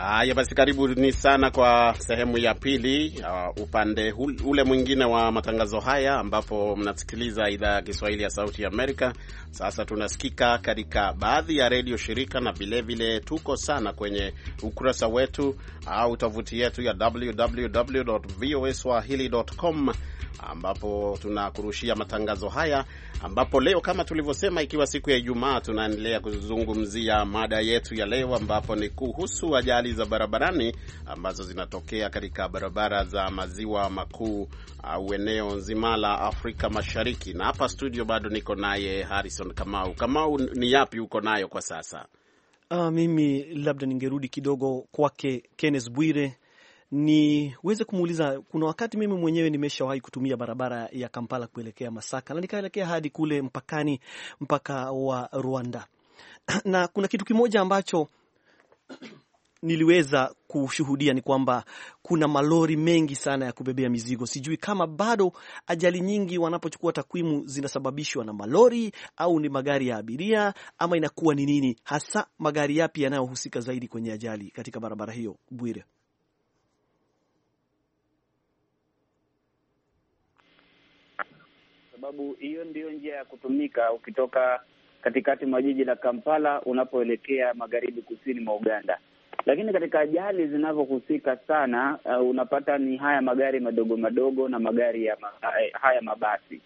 Haya basi, karibu ni sana kwa sehemu ya pili, uh, upande ule mwingine wa matangazo haya ambapo mnasikiliza idhaa ya Kiswahili ya Sauti ya Amerika. Sasa tunasikika katika baadhi ya redio shirika na vilevile tuko sana kwenye ukurasa wetu au uh, tovuti yetu ya www voaswahili.com ambapo tunakurushia matangazo haya ambapo leo kama tulivyosema, ikiwa siku ya Ijumaa, tunaendelea kuzungumzia mada yetu ya leo, ambapo ni kuhusu ajali za barabarani ambazo zinatokea katika barabara za maziwa makuu au eneo nzima la Afrika Mashariki. Na hapa studio bado niko naye Harrison Kamau. Kamau, ni yapi uko nayo kwa sasa? Uh, mimi labda ningerudi kidogo kwake Kenneth Bwire niweze kumuuliza. Kuna wakati mimi mwenyewe nimeshawahi kutumia barabara ya Kampala kuelekea Masaka na nikaelekea hadi kule mpakani, mpaka wa Rwanda, na kuna kitu kimoja ambacho niliweza kushuhudia ni kwamba kuna malori mengi sana ya kubebea mizigo. Sijui kama bado ajali nyingi wanapochukua takwimu zinasababishwa na malori au ni magari ya abiria ama inakuwa ni nini hasa, magari yapi yanayohusika zaidi kwenye ajali katika barabara hiyo, Bwire? sababu hiyo ndiyo njia ya kutumika ukitoka katikati mwa jiji la Kampala unapoelekea magharibi kusini mwa Uganda. Lakini katika ajali zinavyohusika sana uh, unapata ni haya magari madogo madogo na magari ya ma, eh, haya mabasi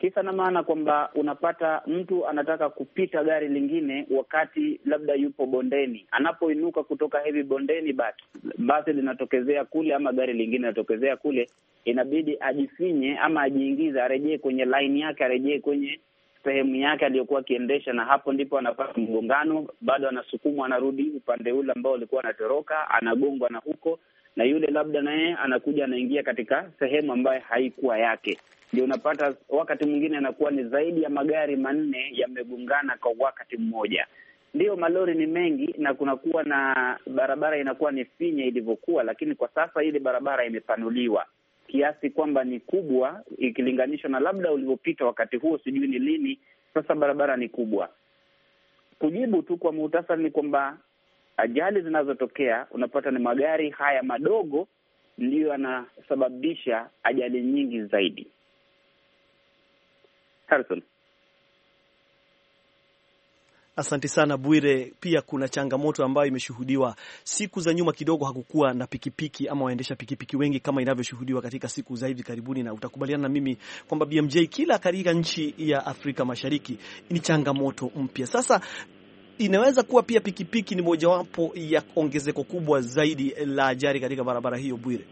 Kisa na maana kwamba unapata mtu anataka kupita gari lingine wakati labda yupo bondeni, anapoinuka kutoka hivi bondeni, basi basi linatokezea kule ama gari lingine linatokezea kule, inabidi ajifinye ama ajiingize, arejee kwenye laini yake, arejee kwenye sehemu yake aliyokuwa akiendesha, na hapo ndipo anapata mgongano. Bado anasukumwa, anarudi upande ule ambao alikuwa anatoroka, anagongwa na huko, na yule labda naye anakuja anaingia katika sehemu ambayo haikuwa yake ndio unapata wakati mwingine anakuwa ni zaidi ya magari manne yamegungana kwa wakati mmoja. Ndiyo, malori ni mengi na kunakuwa na barabara inakuwa ni finya ilivyokuwa, lakini kwa sasa ile barabara imepanuliwa kiasi kwamba ni kubwa ikilinganishwa na labda ulivyopita wakati huo, sijui ni lini. Sasa barabara ni kubwa. Kujibu tu kwa muhtasari ni kwamba ajali zinazotokea unapata ni magari haya madogo ndiyo yanasababisha ajali nyingi zaidi. Harrison. Asante sana Bwire. Pia kuna changamoto ambayo imeshuhudiwa siku za nyuma kidogo, hakukuwa na pikipiki ama waendesha pikipiki wengi kama inavyoshuhudiwa katika siku za hivi karibuni, na utakubaliana na mimi kwamba BMJ kila katika nchi ya Afrika Mashariki ni changamoto mpya. Sasa inaweza kuwa pia pikipiki ni mojawapo ya ongezeko kubwa zaidi la ajali katika barabara hiyo, Bwire.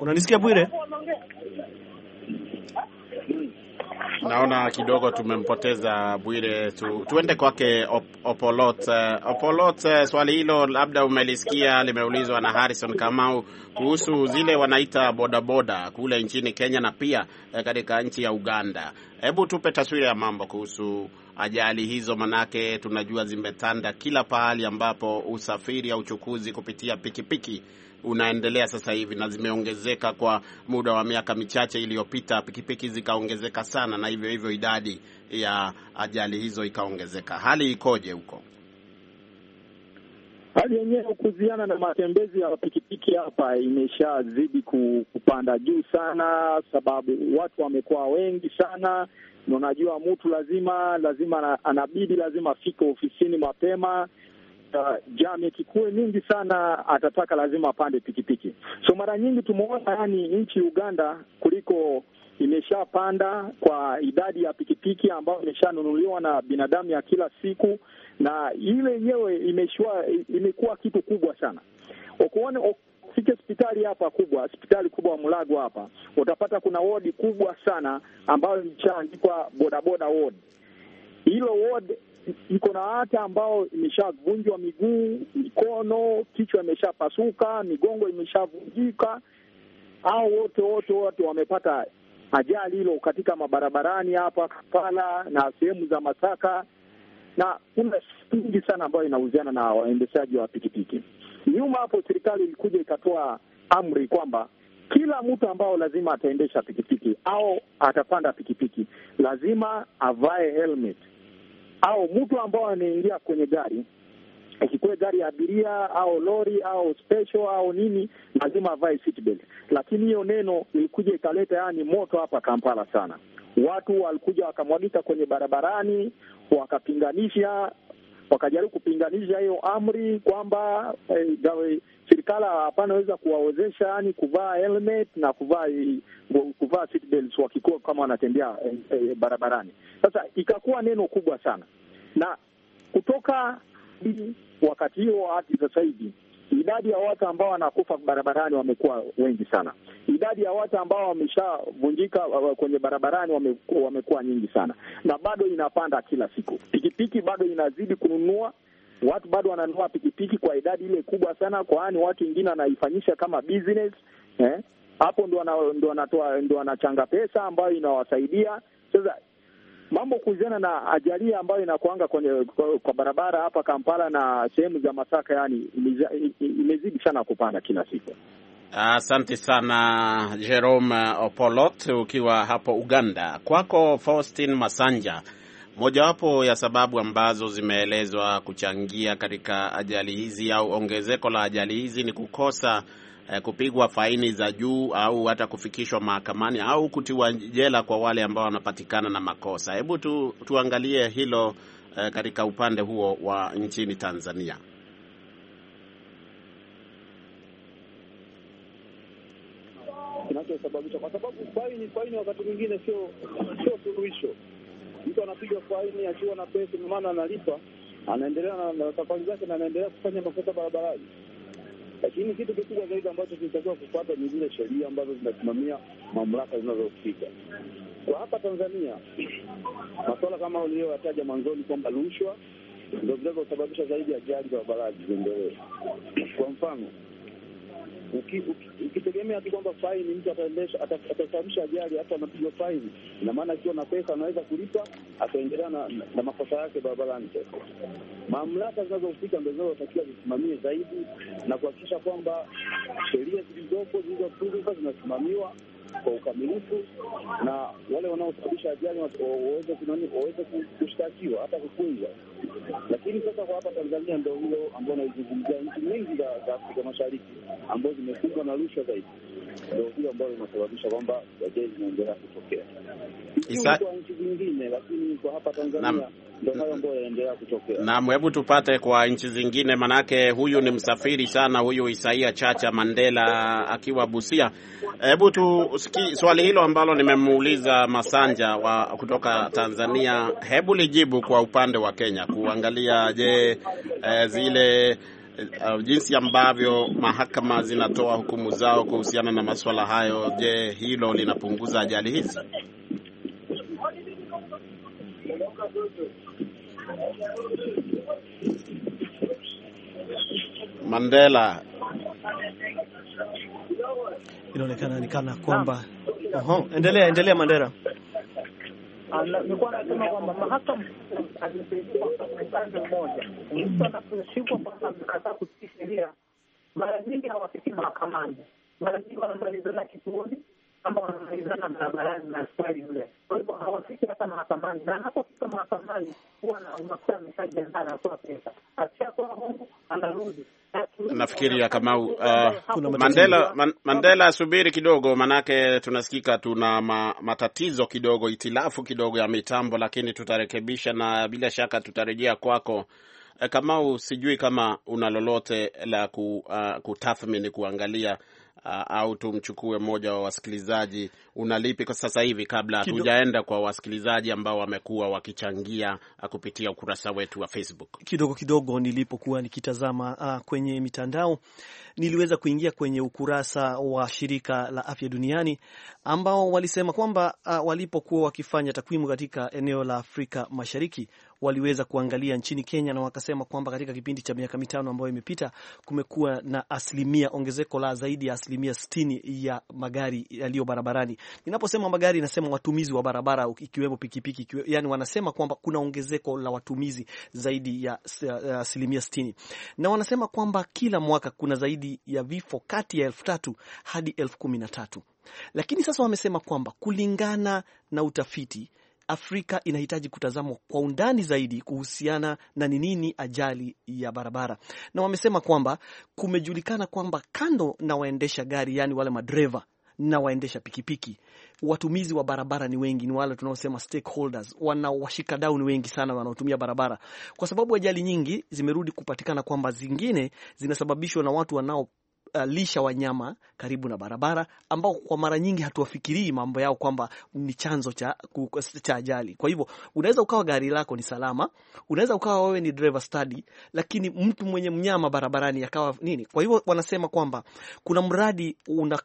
Unanisikia Bwire? Naona kidogo tumempoteza Bwire tu, tuende kwake op, Opolot. Eh, Opolot, eh, swali hilo labda umelisikia limeulizwa na Harrison Kamau kuhusu zile wanaita bodaboda kule nchini Kenya na pia eh, katika nchi ya Uganda. Hebu tupe taswira ya mambo kuhusu ajali hizo, manake tunajua zimetanda kila pahali ambapo usafiri au uchukuzi kupitia pikipiki piki unaendelea sasa hivi na zimeongezeka kwa muda wa miaka michache iliyopita, pikipiki zikaongezeka sana, na hivyo hivyo idadi ya ajali hizo ikaongezeka. Hali ikoje huko? Hali yenyewe kuziana na matembezi ya pikipiki hapa imeshazidi kupanda juu sana, sababu watu wamekuwa wengi sana. Unajua, mtu lazima lazima anabidi lazima afike ofisini mapema uh, jam ikikuwe nyingi sana, atataka lazima apande pikipiki. So mara nyingi tumeona yani nchi Uganda kuliko imeshapanda kwa idadi ya pikipiki ambayo imeshanunuliwa na binadamu ya kila siku, na ile yenyewe imeshua imekuwa kitu kubwa sana. Ukuone fike hospitali hapa kubwa, hospitali kubwa wa Mulago hapa, utapata kuna wodi kubwa sana ambayo imeshaandikwa bodaboda wodi. Hilo wodi iko na hata ambao imeshavunjwa miguu, mikono, kichwa imeshapasuka, migongo imeshavunjika. au wote wote wote wamepata ajali hilo katika mabarabarani hapa Kampala na sehemu za Masaka, na kuna mingi sana ambayo inahusiana na waendeshaji wa pikipiki. Nyuma hapo, serikali ilikuja ikatoa amri kwamba kila mtu ambao lazima ataendesha pikipiki au atapanda pikipiki lazima avae helmet au mtu ambao anaingia kwenye gari, ikikuwa gari ya abiria au lori au special au nini, lazima avae seatbelt. Lakini hiyo neno ilikuja ikaleta yani moto hapa Kampala sana. Watu walikuja wakamwagika kwenye barabarani, wakapinganisha wakajaribu kupinganisha hiyo amri kwamba eh, serikali hapanaweza kuwawezesha yani kuvaa helmet na kuvaa kuvaa seat belts wakikuwa kama wanatembea eh, eh, barabarani. Sasa ikakuwa neno kubwa sana, na kutoka wakati hiyo hadi sasa hivi idadi ya watu ambao wanakufa barabarani wamekuwa wengi sana idadi ya watu ambao wameshavunjika kwenye barabarani wamekuwa, nyingi sana, na bado inapanda kila siku. Pikipiki bado inazidi kununua watu bado wananunua pikipiki kwa idadi ile kubwa sana, kwani watu wengine wanaifanyisha kama business eh? Hapo ndo wanatoa ndo wanachanga pesa ambayo inawasaidia sasa. Mambo kuhusiana na ajali ambayo inakuanga kwenye kwa, kwa barabara hapa Kampala na sehemu za Masaka, yani imezidi sana kupanda kila siku. Asante sana Jerome Opolot ukiwa hapo Uganda. Kwako Faustin Masanja, mojawapo ya sababu ambazo zimeelezwa kuchangia katika ajali hizi au ongezeko la ajali hizi ni kukosa eh, kupigwa faini za juu au hata kufikishwa mahakamani au kutiwa jela kwa wale ambao wanapatikana na makosa. Hebu tu, tuangalie hilo eh, katika upande huo wa nchini Tanzania. kinachosababisha, kwa sababu faini faini wakati mwingine sio sio suluhisho. Mtu anapiga faini akiwa na pesa, ndio maana analipa, anaendelea na safari zake na anaendelea kufanya makosa barabarani. Lakini kitu kikubwa zaidi ambacho kinatakiwa kufuata ni zile sheria ambazo zinasimamia mamlaka zinazohusika. Kwa hapa Tanzania, masuala kama uliyoyataja mwanzoni kwamba rushwa ndo zinazosababisha zaidi ajali barabarani ziendelee. Kwa mfano ukitegemea tu kwamba faini mtu ataendesha atasababisha ajali hata anapigwa faini, ina maana akiwa na pesa anaweza kulipa akaendelea na, na makosa yake barabarani. Mamlaka zinazohusika ndo zinazotakiwa zisimamie zaidi na kuhakikisha kwamba sheria zilizopo zilizotunzwa zinasimamiwa kwa ukamilifu, na wale wanaosababisha ajali waweze kushtakiwa hata kufunzwa. Lakini sasa kwa hapa Tanzania ndo hilo ambao naizungumzia, nchi nyingi za Afrika Mashariki ambayo zimefungwa na rushwa zaidi, ndo hilo ambayo inasababisha kwamba ajali zinaendelea kutokea, si kwa nchi zingine, lakini kwa hapa Tanzania ndio Naam, hebu tupate kwa nchi zingine, manake huyu ni msafiri sana huyu Isaia Chacha Mandela akiwa Busia. Hebu tusikie swali hilo ambalo nimemuuliza Masanja wa kutoka Tanzania, hebu lijibu kwa upande wa Kenya kuangalia, je, eh, zile Uh, jinsi ambavyo mahakama zinatoa hukumu zao kuhusiana na masuala hayo. Je, hilo linapunguza ajali hizi? Mandela inaonekana ni kana kwamba Oho, endelea endelea Mandela. Ah, nilikuwa nasema kwamba mahakama upande mmoja, mtu anaposhikwa kwamba amekataa kutii sheria, mara nyingi hawafikii mahakamani, mara nyingi wanamalizana kituoni kama wanamalizana barabarani na askari yule. Kwa hivyo hawafiki hata mahakamani, na anapofika mahakamani huwa unakuta ameshajiandaa, anatoa pesa, akishatoa hongo anarudi. Nafikiri ya Kamau, uh, Mandela man, Mandela asubiri kidogo, manake tunasikika tuna ma, matatizo kidogo, itilafu kidogo ya mitambo, lakini tutarekebisha na bila shaka tutarejea kwako. Eh, Kamau, sijui kama una lolote la ku, uh, kutathmini kuangalia au tumchukue mmoja wa wasikilizaji. Unalipi kwa sasa hivi, kabla hatujaenda kwa wasikilizaji ambao wamekuwa wakichangia kupitia ukurasa wetu wa Facebook? Kidogo kidogo nilipokuwa nikitazama uh, kwenye mitandao niliweza kuingia kwenye ukurasa wa shirika la afya duniani ambao walisema kwamba uh, walipokuwa wakifanya takwimu katika eneo la Afrika Mashariki waliweza kuangalia nchini Kenya na wakasema kwamba katika kipindi cha miaka mitano ambayo imepita kumekuwa na asilimia ongezeko la zaidi ya asilimia sitini ya magari yaliyo barabarani. Ninaposema magari, nasema watumizi wa barabara ikiwemo pikipiki ikiwe, yani wanasema kwamba kuna ongezeko la watumizi zaidi ya asilimia sitini na wanasema kwamba kila mwaka kuna zaidi ya vifo kati ya elfu tatu hadi elfu kumi na tatu lakini sasa wamesema kwamba kulingana na utafiti Afrika inahitaji kutazamwa kwa undani zaidi kuhusiana na ni nini ajali ya barabara, na wamesema kwamba kumejulikana kwamba kando na waendesha gari, yani wale madereva na waendesha pikipiki, watumizi wa barabara ni wengi, ni wale tunaosema stakeholders, wana washikadau ni wengi sana wanaotumia barabara, kwa sababu ajali nyingi zimerudi kupatikana kwamba zingine zinasababishwa na watu wanao Uh, lisha wanyama karibu na barabara, ambao kwa mara nyingi hatuwafikirii mambo yao kwamba ni chanzo cha, cha ajali. Kwa hivyo unaweza ukawa gari lako ni salama, unaweza ukawa wewe ni driver study, lakini mtu mwenye mnyama barabarani akawa nini? Kwa hivyo wanasema kwamba kuna mradi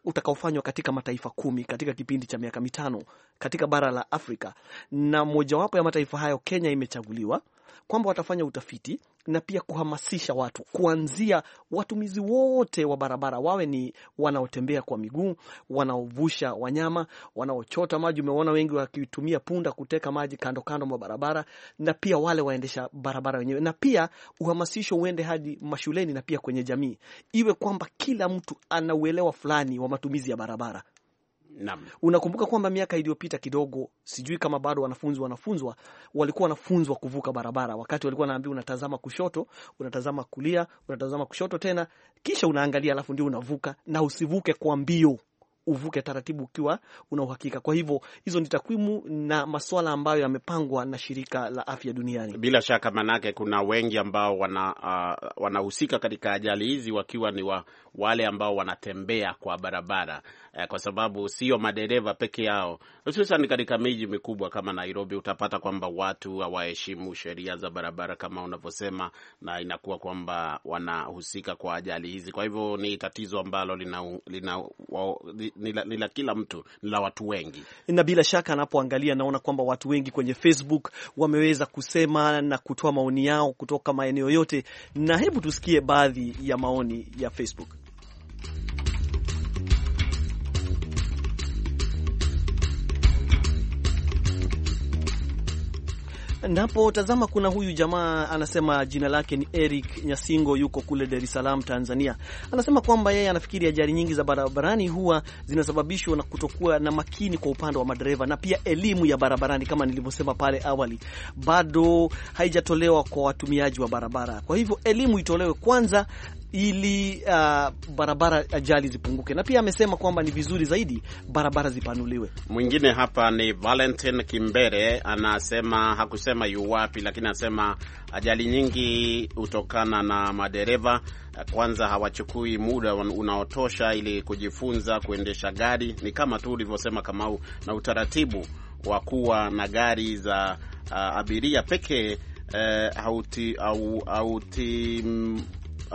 utakaofanywa katika mataifa kumi katika kipindi cha miaka mitano katika bara la Afrika, na mojawapo ya mataifa hayo Kenya imechaguliwa kwamba watafanya utafiti na pia kuhamasisha watu, kuanzia watumizi wote wa barabara, wawe ni wanaotembea kwa miguu, wanaovusha wanyama, wanaochota maji. Umeona wengi wakitumia punda kuteka maji kando kando mwa barabara, na pia wale waendesha barabara wenyewe, na pia uhamasisho uende hadi mashuleni na pia kwenye jamii, iwe kwamba kila mtu ana uelewa fulani wa matumizi ya barabara. Naam. Unakumbuka kwamba miaka iliyopita kidogo, sijui kama bado wanafunzi wanafunzwa, walikuwa wanafunzwa kuvuka barabara, wakati walikuwa naambia unatazama kushoto, unatazama kulia, unatazama kushoto tena, kisha unaangalia, alafu ndio unavuka, na usivuke kwa mbio uvuke taratibu ukiwa una uhakika. Kwa hivyo hizo ni takwimu na masuala ambayo yamepangwa na shirika la afya duniani. Bila shaka, manake kuna wengi ambao ah, wanahusika uh, wana katika ajali hizi wakiwa ni wa, wale ambao wanatembea kwa barabara eh, kwa sababu sio madereva peke yao, hususan katika miji mikubwa kama Nairobi, utapata kwamba watu hawaheshimu sheria za barabara kama unavyosema, na inakuwa kwamba wanahusika kwa ajali hizi. Kwa hivyo ni tatizo ambalo lina, lina, wa, ni la kila mtu, ni la watu wengi, na bila shaka anapoangalia naona kwamba watu wengi kwenye Facebook wameweza kusema na kutoa maoni yao kutoka maeneo yote, na hebu tusikie baadhi ya maoni ya Facebook. Napotazama kuna huyu jamaa anasema jina lake ni Eric Nyasingo, yuko kule Dar es Salaam, Tanzania. Anasema kwamba yeye anafikiri ajali nyingi za barabarani huwa zinasababishwa na kutokuwa na makini kwa upande wa madereva na pia elimu ya barabarani, kama nilivyosema pale awali, bado haijatolewa kwa watumiaji wa barabara. Kwa hivyo elimu itolewe kwanza, ili uh, barabara ajali zipunguke, na pia amesema kwamba ni vizuri zaidi barabara zipanuliwe. Mwingine hapa ni Valentine Kimbere, anasema hakusema yu wapi, lakini anasema ajali nyingi hutokana na madereva kwanza hawachukui muda unaotosha ili kujifunza kuendesha gari. Ni kama tu ulivyosema Kamau, na utaratibu wa kuwa na gari za uh, abiria pekee uh, hauti, au, hauti, mm,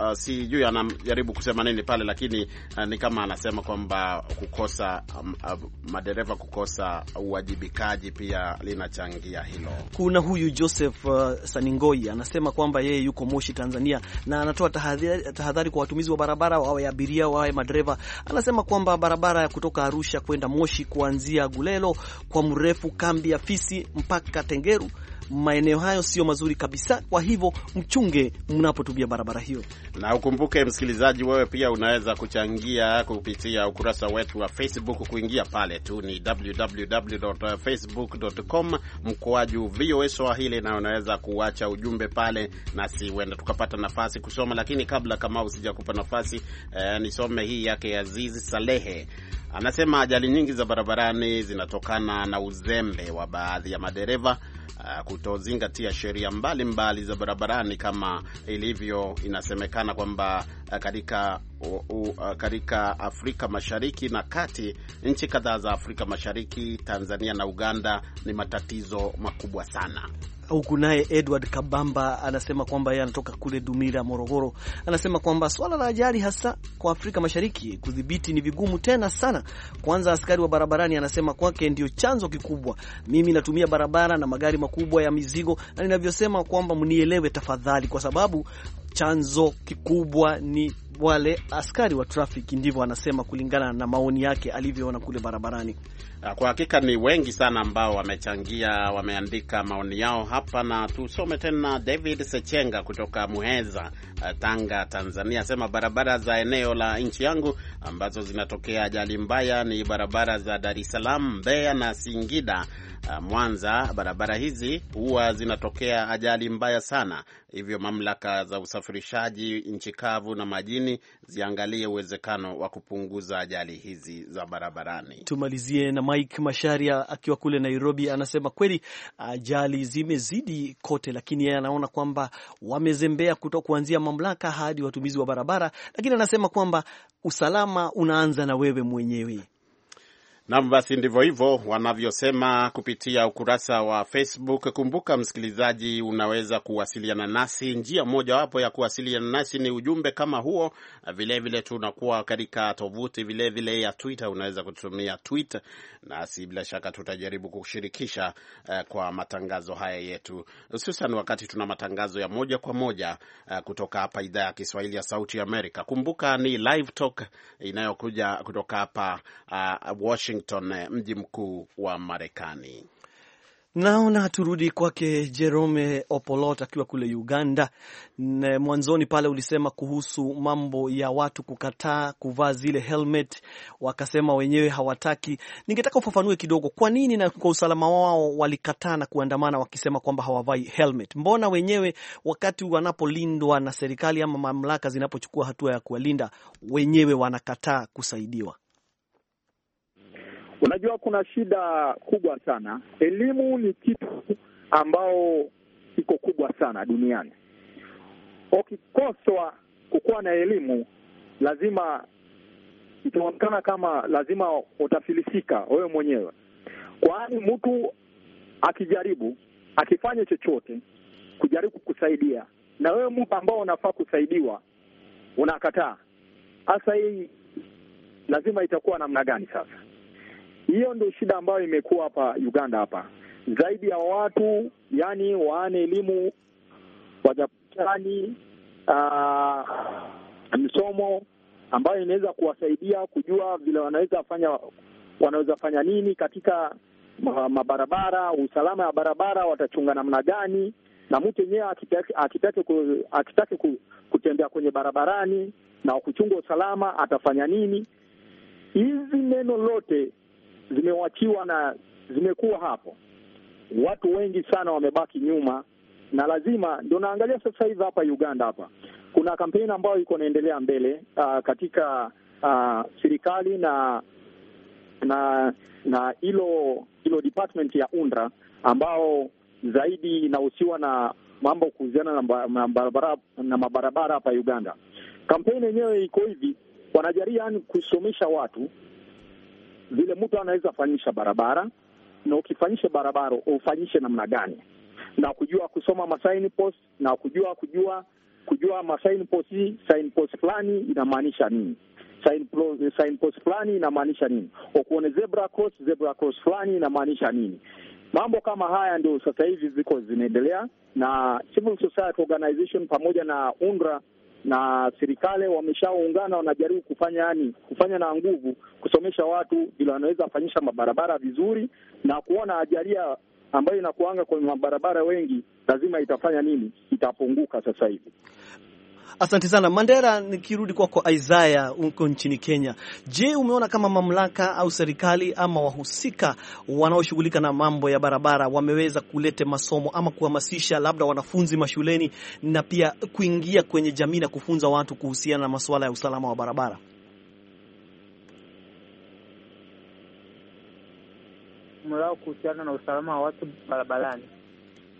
uh, sijui anajaribu kusema nini pale, lakini uh, ni kama anasema kwamba kukosa um, uh, madereva kukosa uwajibikaji pia linachangia hilo. Kuna huyu Joseph uh, Saningoi anasema kwamba yeye yuko Moshi, Tanzania, na anatoa tahadhari, tahadhari kwa watumizi wa barabara, wawe abiria, wawe madereva. Anasema kwamba barabara ya kutoka Arusha kwenda Moshi kuanzia Gulelo kwa mrefu kambi ya Fisi mpaka Tengeru maeneo hayo sio mazuri kabisa. Kwa hivyo mchunge mnapotumia barabara hiyo, na ukumbuke msikilizaji, wewe pia unaweza kuchangia kupitia ukurasa wetu wa Facebook. Kuingia pale tu ni www.facebook.com mkoaju VOA Swahili, na unaweza kuacha ujumbe pale, nasi huenda tukapata nafasi kusoma. Lakini kabla kama usijakupa nafasi eh, nisome hii yake Azizi Salehe Anasema ajali nyingi za barabarani zinatokana na uzembe wa baadhi ya madereva uh, kutozingatia sheria mbalimbali za barabarani, kama ilivyo inasemekana kwamba Eh, katika eh, katika Afrika Mashariki na Kati. Nchi kadhaa za Afrika Mashariki, Tanzania na Uganda ni matatizo makubwa sana huku naye Edward Kabamba anasema kwamba yeye anatoka kule Dumira, Morogoro. Anasema kwamba swala la ajali hasa kwa Afrika Mashariki kudhibiti ni vigumu tena sana. Kwanza askari wa barabarani, anasema kwake ndio chanzo kikubwa. Mimi natumia barabara na magari makubwa ya mizigo, na ninavyosema kwamba mnielewe tafadhali, kwa sababu chanzo kikubwa ni wale askari wa trafiki, ndivyo anasema kulingana na maoni yake alivyoona kule barabarani. Ah, kwa hakika ni wengi sana ambao wamechangia, wameandika maoni yao hapa, na tusome tena. David Sechenga kutoka Muheza, ah, Tanga, Tanzania asema barabara za eneo la nchi yangu ambazo zinatokea ajali mbaya ni barabara za Dar es Salaam, Mbeya na Singida, ah, Mwanza. Barabara hizi huwa zinatokea ajali mbaya sana, hivyo mamlaka za usafirishaji nchi kavu na majini ziangalie uwezekano wa kupunguza ajali hizi za barabarani. Tumalizie na Mike Masharia akiwa kule Nairobi, anasema kweli ajali zimezidi kote, lakini yeye anaona kwamba wamezembea kutoka kuanzia mamlaka hadi watumizi wa barabara, lakini anasema kwamba usalama unaanza na wewe mwenyewe. Nam, basi ndivyo hivyo wanavyosema kupitia ukurasa wa Facebook. Kumbuka msikilizaji, unaweza kuwasiliana nasi. Njia mojawapo ya kuwasiliana nasi ni ujumbe kama huo. Vilevile tunakuwa katika tovuti vilevile ya Twitter, unaweza kutumia tweet nasi bila shaka tutajaribu kushirikisha eh, kwa matangazo haya yetu, hususan wakati tuna matangazo ya moja kwa moja eh, kutoka hapa idhaa ya Kiswahili ya Sauti ya Amerika. Kumbuka ni live talk inayokuja kutoka hapa uh, Washington, eh, mji mkuu wa Marekani. Naona turudi kwake Jerome Opolot akiwa kule Uganda. Mwanzoni pale ulisema kuhusu mambo ya watu kukataa kuvaa zile helmet, wakasema wenyewe hawataki. Ningetaka ufafanue kidogo, kwa nini na kwa usalama wao walikataa na kuandamana wakisema kwamba hawavai helmet? Mbona wenyewe wakati wanapolindwa na serikali ama mamlaka zinapochukua hatua ya kuwalinda wenyewe wanakataa kusaidiwa? Unajua, kuna shida kubwa sana. Elimu ni kitu ambao iko kubwa sana duniani. Ukikoswa kukuwa na elimu, lazima itaonekana kama lazima utafilisika wewe mwenyewe, kwani mtu akijaribu akifanya chochote kujaribu kusaidia, na wewe mtu ambao unafaa kusaidiwa unakataa. hasa hii lazima itakuwa namna gani? Sasa hiyo ndio shida ambayo imekuwa hapa Uganda hapa, zaidi ya watu yani waane elimu wajapatani ah, msomo ambayo inaweza kuwasaidia kujua vile wanaweza fanya wanaweza fanya nini katika mabarabara, usalama ya barabara watachunga namna gani, na mtu yenyewe akitake ku, akitake ku, kutembea kwenye barabarani na kuchunga usalama atafanya nini? Hizi neno lote zimewachiwa na zimekuwa hapo. Watu wengi sana wamebaki nyuma, na lazima ndio naangalia sasa hivi hapa Uganda hapa kuna kampeni ambayo iko inaendelea mbele uh, katika uh, serikali na na na hilo hilo department ya UNDRA ambao zaidi inahusiwa na mambo kuhusiana na mabarabara na mabarabara hapa Uganda. Kampeni yenyewe iko hivi, wanajaribu yaani kusomesha watu vile mtu anaweza fanyisha barabara, na ukifanyisha barabara ufanyishe namna gani, na kujua kusoma masaini post na kujua kujua kujua masaini post, sign post fulani inamaanisha nini sign post fulani inamaanisha nini, ukuone zebra cross, zebra cross fulani inamaanisha nini. Mambo kama haya ndio sasa hivi ziko zinaendelea, na civil society organization pamoja na undra na serikali wameshaungana, wanajaribu kufanya yani, kufanya na nguvu kusomesha watu vile wanaweza fanyisha mabarabara vizuri na kuona ajalia ambayo inakuanga kwenye mabarabara wengi lazima itafanya nini, itapunguka sasa hivi. Asante sana Mandera, nikirudi kwako kwa Isaya huko nchini Kenya. Je, umeona kama mamlaka au serikali ama wahusika wanaoshughulika na mambo ya barabara wameweza kulete masomo ama kuhamasisha labda wanafunzi mashuleni na pia kuingia kwenye jamii na kufunza watu kuhusiana na masuala ya usalama wa barabara? Mrao kuhusiana na usalama wa watu barabarani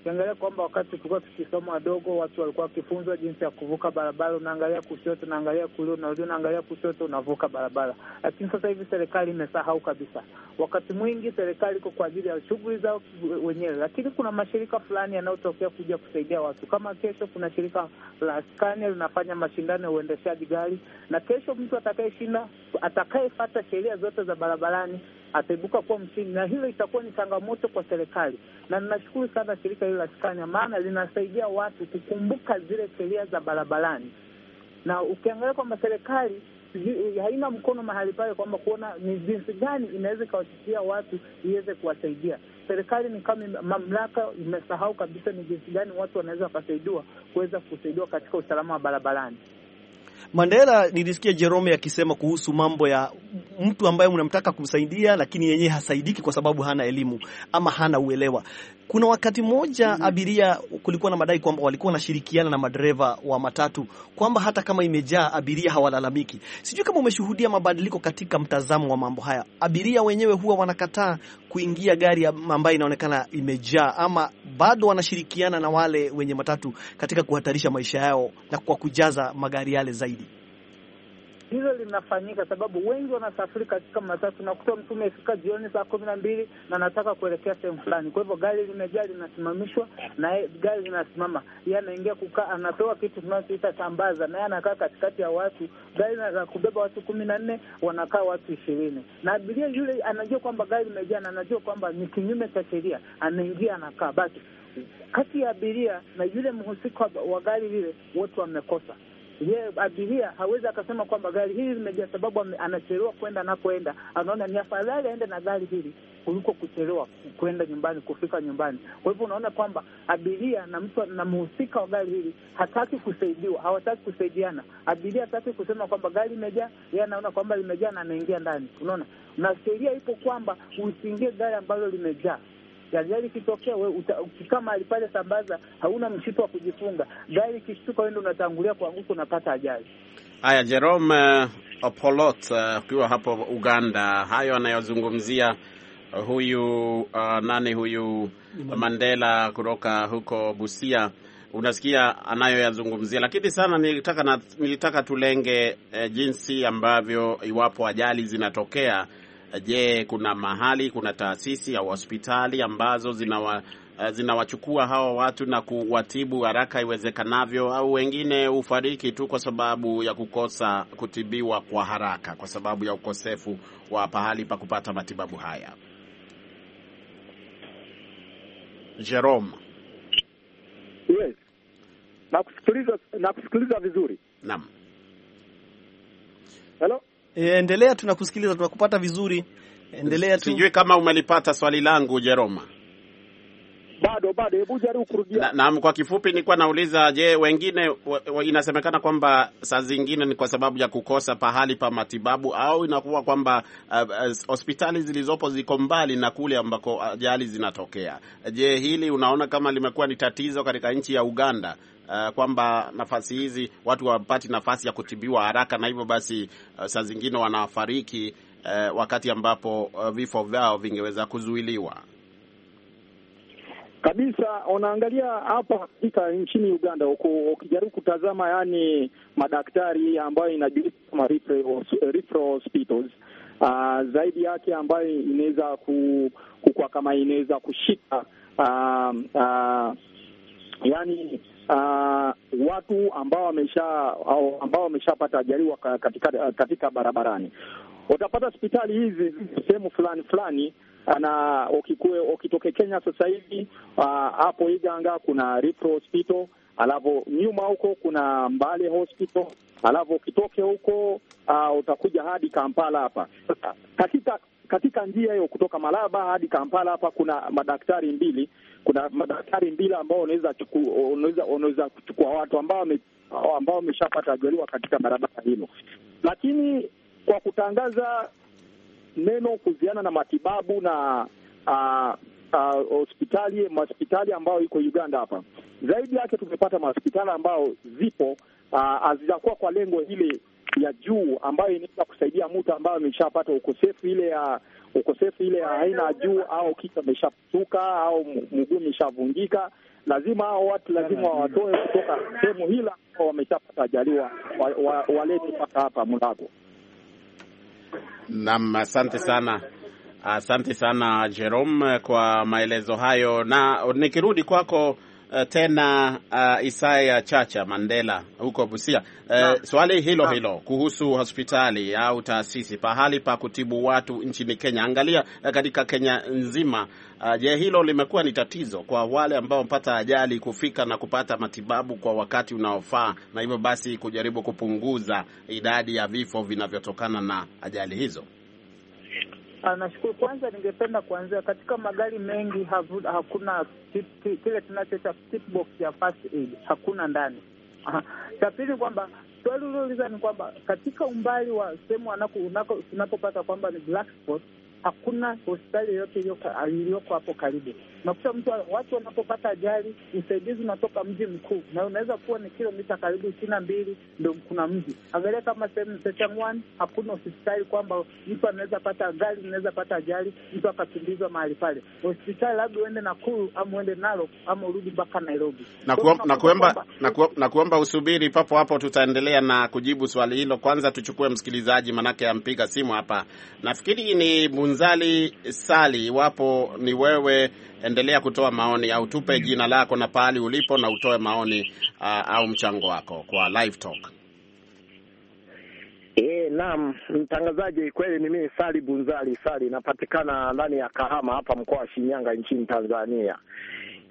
Ukiangalia kwamba wakati tulikuwa tukisoma wadogo, watu walikuwa wakifunzwa jinsi ya kuvuka barabara, unaangalia kushoto, unaangalia kulia, unarudia, unaangalia kushoto, unavuka barabara. Lakini sasa hivi serikali imesahau kabisa. Wakati mwingi serikali iko kwa ajili ya shughuli zao wenyewe, lakini kuna mashirika fulani yanayotokea kuja kusaidia watu. Kama kesho kuna shirika la Scania linafanya mashindano ya uendeshaji gari, na kesho mtu atakayeshinda, atakayefata sheria zote za barabarani ataibuka kuwa mshindi, na hilo itakuwa ni changamoto kwa serikali. Na ninashukuru sana shirika hili la Scania, maana linasaidia watu kukumbuka zile sheria za barabarani, na ukiangalia kwamba serikali haina mkono mahali pale, kwamba kuona ni jinsi gani inaweza ikawafikia watu iweze kuwasaidia. Serikali ni kama mamlaka imesahau kabisa ni jinsi gani watu wanaweza wakasaidiwa kuweza kusaidiwa katika usalama wa barabarani. Mandela nilisikia Jerome akisema kuhusu mambo ya mtu ambaye unamtaka kumsaidia, lakini yenyewe hasaidiki kwa sababu hana elimu ama hana uelewa. Kuna wakati mmoja mm -hmm. abiria kulikuwa na madai kwamba walikuwa wanashirikiana na madereva wa matatu kwamba hata kama imejaa abiria hawalalamiki. Sijui kama umeshuhudia mabadiliko katika mtazamo wa mambo haya. Abiria wenyewe huwa wanakataa kuingia gari ambayo inaonekana imejaa, ama bado wanashirikiana na wale wenye matatu katika kuhatarisha maisha yao na kwa kujaza magari yale zaidi hilo linafanyika sababu wengi wanasafiri katika matatu. Nakuta mtu umefika jioni saa kumi na mbili na anataka kuelekea sehemu fulani, kwa hivyo gari limejaa, linasimamishwa na gari linasimama, ye anaingia kukaa, anapewa kitu tunachoita tambaza, naye anakaa katikati ya watu. Gari la kubeba watu kumi na nne wanakaa watu ishirini, na abiria yule anajua kwamba gari limejaa na anajua kwamba ni kinyume cha sheria, anaingia anakaa basi kati ya abiria na yule mhusika wa gari lile wote wamekosa yeye abiria hawezi akasema kwamba gari hili limejaa, sababu anachelewa kwenda anakoenda. Anaona ni afadhali aende na gari hili kuliko kuchelewa kwenda nyumbani, kufika nyumbani. Kwa hivyo unaona kwamba abiria na mtu na mhusika wa gari hili hataki kusaidiwa, hawataki kusaidiana. Abiria hataki kusema kwamba gari limejaa, yeye anaona kwamba limejaa na anaingia ndani, unaona. Na sheria ipo kwamba usiingie gari ambalo limejaa. Gari ikitokea kama alipata sambaza, hauna mshipa wa kujifunga. Gari ikishtuka, wewe ndio unatangulia kuanguka, unapata ajali. Haya, Jerome eh, Opolot, eh, ukiwa uh, hapo Uganda, hayo anayozungumzia eh, huyu uh, nani huyu Mandela kutoka huko Busia unasikia anayoyazungumzia, lakini sana nilitaka na, nilitaka tulenge eh, jinsi ambavyo iwapo ajali zinatokea Je, kuna mahali, kuna taasisi au hospitali ambazo zinawa eh, zinawachukua hawa watu na kuwatibu haraka iwezekanavyo, au wengine hufariki tu kwa sababu ya kukosa kutibiwa kwa haraka, kwa sababu ya ukosefu wa pahali pa kupata matibabu haya? Jerome. Yes. Nakusikiliza, nakusikiliza vizuri. Naam. Hello? E, endelea, tunakusikiliza, tunakupata vizuri. Endelea tu. Sijui kama umelipata swali langu Jeroma. Bado bado, hebu jaribu kurudia. Naam, na kwa kifupi nilikuwa nauliza, je, wengine inasemekana kwamba saa zingine ni kwa sababu ya kukosa pahali pa matibabu au inakuwa kwamba hospitali uh, uh, hospitali zilizopo ziko mbali na kule ambako ajali zinatokea. Je, hili unaona kama limekuwa ni tatizo katika nchi ya Uganda uh, kwamba nafasi hizi watu wapati nafasi ya kutibiwa haraka, na hivyo basi uh, saa zingine wanafariki uh, wakati ambapo uh, vifo vyao vingeweza kuzuiliwa kabisa. Unaangalia hapa katika nchini Uganda, ukijaribu kutazama, yani madaktari ambayo inajulikana kama referral hospitals uh, zaidi yake ambayo inaweza kukua kama inaweza kushika uh, uh, yani uh, watu ambao wamesha ambao wameshapata ajali katika, uh, katika barabarani. Utapata hospitali hizi sehemu fulani fulani uh, na ukitoke Kenya sasa hivi uh, hapo uh, Iganga kuna Rifo Hospital, alafu nyuma huko kuna Mbale Hospital, alafu ukitoke huko uh, utakuja hadi Kampala hapa. katika katika njia hiyo kutoka Malaba hadi Kampala hapa kuna madaktari mbili, kuna madaktari mbili ambao wanaweza wanaweza kuchukua watu ambao ambao wameshapata ajaliwa katika barabara hilo, lakini kwa kutangaza neno kuhusiana na matibabu na hospitali uh, uh, hospitali ambayo iko Uganda hapa, zaidi yake tumepata mahospitali ambayo zipo hazijakuwa uh, kwa lengo hili ya juu ambayo inaweza kusaidia mtu ambaye ameshapata ukosefu ile ya ukosefu ile ya aina ya juu, au kichwa ameshapasuka au mguu umeshavunjika. Lazima hao watu lazima wawatoe kutoka sehemu hila ambao wameshapata ajaliwa, walete wa, wa mpaka hapa Mulago. Naam, asante sana. Asante sana Jerome kwa maelezo hayo, na nikirudi kwako uh, tena uh, eh, Isaya Chacha Mandela huko Busia. Uh, swali hilo na hilo kuhusu hospitali au taasisi pahali pa kutibu watu nchini Kenya, angalia katika Kenya nzima. Uh, je, hilo limekuwa ni tatizo kwa wale ambao wamepata ajali kufika na kupata matibabu kwa wakati unaofaa na hivyo basi kujaribu kupunguza idadi ya vifo vinavyotokana na ajali hizo? Ah, nashukuru. Kwanza ningependa kuanzia katika magari mengi havu, hakuna kile tunachoita tip box ya first aid, hakuna ndani. Cha pili kwamba swali uliouliza ni kwamba katika umbali wa sehemu unapopata kwamba ni black spot, hakuna hospitali yoyote iliyoko hapo karibu unakuta mtu watu wanapopata ajali usaidizi unatoka mji mkuu, na unaweza kuwa ni kilomita karibu ishirini na mbili ndo kuna mji. Angalia kama sehemu Sechangwani hakuna hospitali kwamba mtu anaweza pata gari, inaweza pata ajali mtu akakimbizwa mahali pale hospitali, labda uende Nakuru ama uende Narok ama urudi mpaka Nairobi. Na kuomba usubiri papo hapo, tutaendelea na kujibu swali hilo. Kwanza tuchukue msikilizaji, manake ampiga simu hapa, nafikiri ni Bunzali Sali, iwapo ni wewe endelea kutoa maoni au tupe jina lako na pahali ulipo na utoe maoni uh, au mchango wako kwa live talk. E, naam mtangazaji, kweli ni mimi Sali Bunzali Sali, napatikana ndani ya Kahama hapa mkoa wa Shinyanga nchini Tanzania.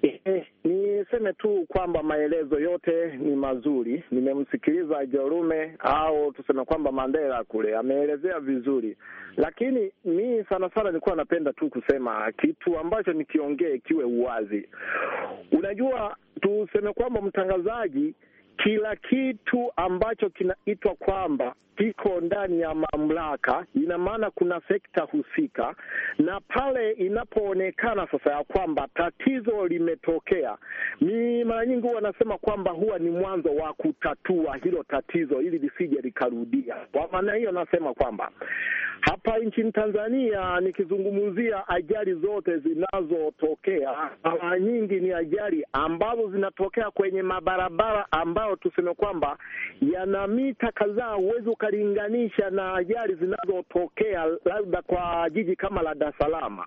Eh, niseme tu kwamba maelezo yote ni mazuri. Nimemsikiliza Jarume au tuseme kwamba Mandela kule ameelezea vizuri, lakini mi sana sana nilikuwa napenda tu kusema kitu ambacho nikiongee kiwe uwazi. Unajua, tuseme kwamba mtangazaji kila kitu ambacho kinaitwa kwamba kiko ndani ya mamlaka, ina maana kuna sekta husika, na pale inapoonekana sasa ya kwamba tatizo limetokea, mi mara nyingi huwa anasema kwamba huwa ni mwanzo wa kutatua hilo tatizo ili lisije likarudia. Kwa maana hiyo, nasema kwamba hapa nchini Tanzania, nikizungumzia ajali zote zinazotokea, mara nyingi ni ajali ambazo zinatokea kwenye mabarabara ambayo tuseme kwamba yana mita kadhaa, huwezi ukalinganisha na ajali zinazotokea labda kwa jiji kama la Dar es Salaam,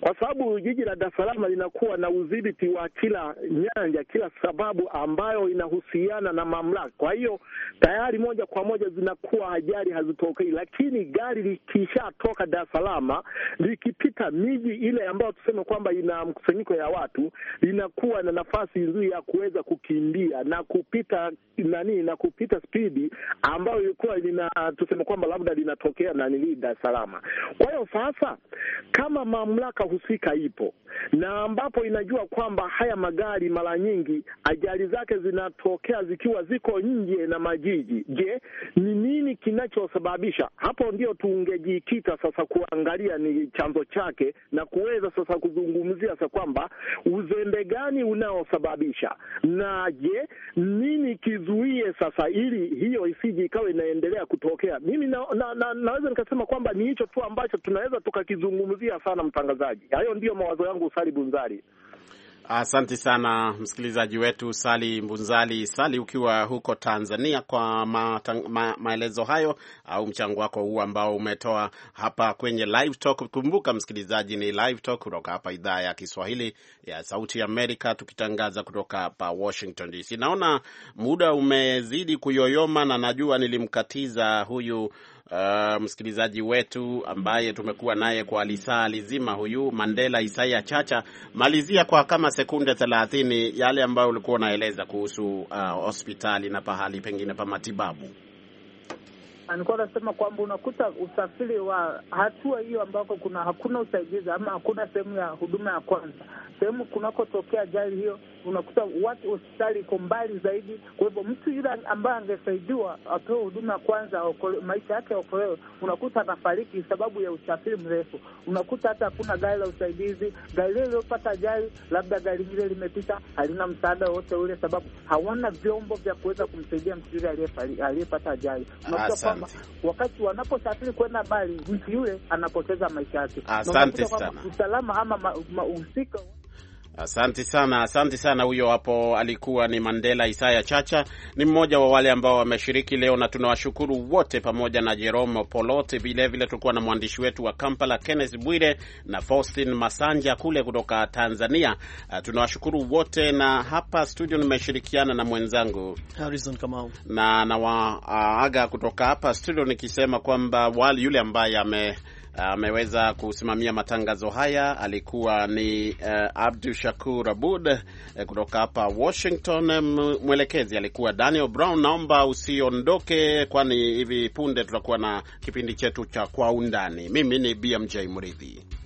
kwa sababu jiji la Dar es Salaam linakuwa na udhibiti wa kila nyanja, kila sababu ambayo inahusiana na mamlaka. Kwa hiyo tayari moja kwa moja zinakuwa ajali hazitokei, lakini gari liki lishatoka Dar es Salaam likipita miji ile ambayo tuseme kwamba ina mkusanyiko ya watu, linakuwa na nafasi nzuri ya kuweza kukimbia na kupita nani na kupita spidi ambayo ilikuwa lina tuseme kwamba labda linatokea nanilii Dar es Salaam. Kwa hiyo sasa, kama mamlaka husika ipo na ambapo inajua kwamba haya magari mara nyingi ajali zake zinatokea zikiwa ziko nje na majiji, je, ni nini kinachosababisha hapo? Ndio tuungeji kujikita sasa kuangalia ni chanzo chake na kuweza sasa kuzungumzia sasa kwamba uzembe gani unaosababisha, na je, nini kizuie sasa ili hiyo isiji ikawa inaendelea kutokea. Mimi na, na, na, naweza nikasema kwamba ni hicho tu ambacho tunaweza tukakizungumzia sana, mtangazaji. Hayo ndiyo mawazo yangu, usali Bunzari. Asante sana msikilizaji wetu Sali Mbunzali Sali, ukiwa huko Tanzania, kwa matang, ma, maelezo hayo au mchango wako huu ambao umetoa hapa kwenye live talk. Kumbuka msikilizaji, ni live talk kutoka hapa idhaa ya Kiswahili ya Sauti Amerika, tukitangaza kutoka hapa Washington DC. Naona muda umezidi kuyoyoma, na najua nilimkatiza huyu uh, msikilizaji wetu ambaye tumekuwa naye kwa lisaa lizima huyu Mandela Isaya Chacha, malizia kwa kama sekunde thelathini yale ambayo ulikuwa unaeleza kuhusu uh, hospitali na pahali pengine pa matibabu nilikuwa nasema kwamba unakuta usafiri wa hatua hiyo ambako kuna hakuna usaidizi ama hakuna sehemu ya huduma ya kwanza, sehemu kunakotokea ajali hiyo, unakuta watu hospitali iko mbali zaidi. Kwa hivyo mtu yule ambaye angesaidiwa apewe huduma ya kwanza, maisha yake yaokolewe, unakuta anafariki sababu ya usafiri mrefu. Unakuta hata hakuna gari la usaidizi. Gari lile lililopata ajali, labda gari hile limepita, halina msaada wowote ule, sababu hawana vyombo vya kuweza kumsaidia mtu yule aliyepata ajali. Unakuta kwamba kwamba wakati wanaposafiri kwenda mbali, mtu yule anapoteza maisha yake. Asante sana. Usalama ama ma, Asante sana, asante sana. Huyo hapo alikuwa ni Mandela Isaya Chacha, ni mmoja wa wale ambao wameshiriki leo, na tunawashukuru wote, pamoja na Jerome Polote. Vilevile tulikuwa na mwandishi wetu wa Kampala Kenneth Bwire na Faustin Masanja kule kutoka Tanzania. Ah, tunawashukuru wote, na hapa studio nimeshirikiana na mwenzangu Harrison Kamau, na nawaaga kutoka hapa studio nikisema kwamba yule ambaye ame ameweza uh, kusimamia matangazo haya alikuwa ni uh, Abdu Shakur Abud uh, kutoka hapa Washington. Mwelekezi alikuwa Daniel Brown. Naomba usiondoke, kwani hivi punde tutakuwa na kipindi chetu cha Kwa Undani. Mimi ni BMJ Mridhi.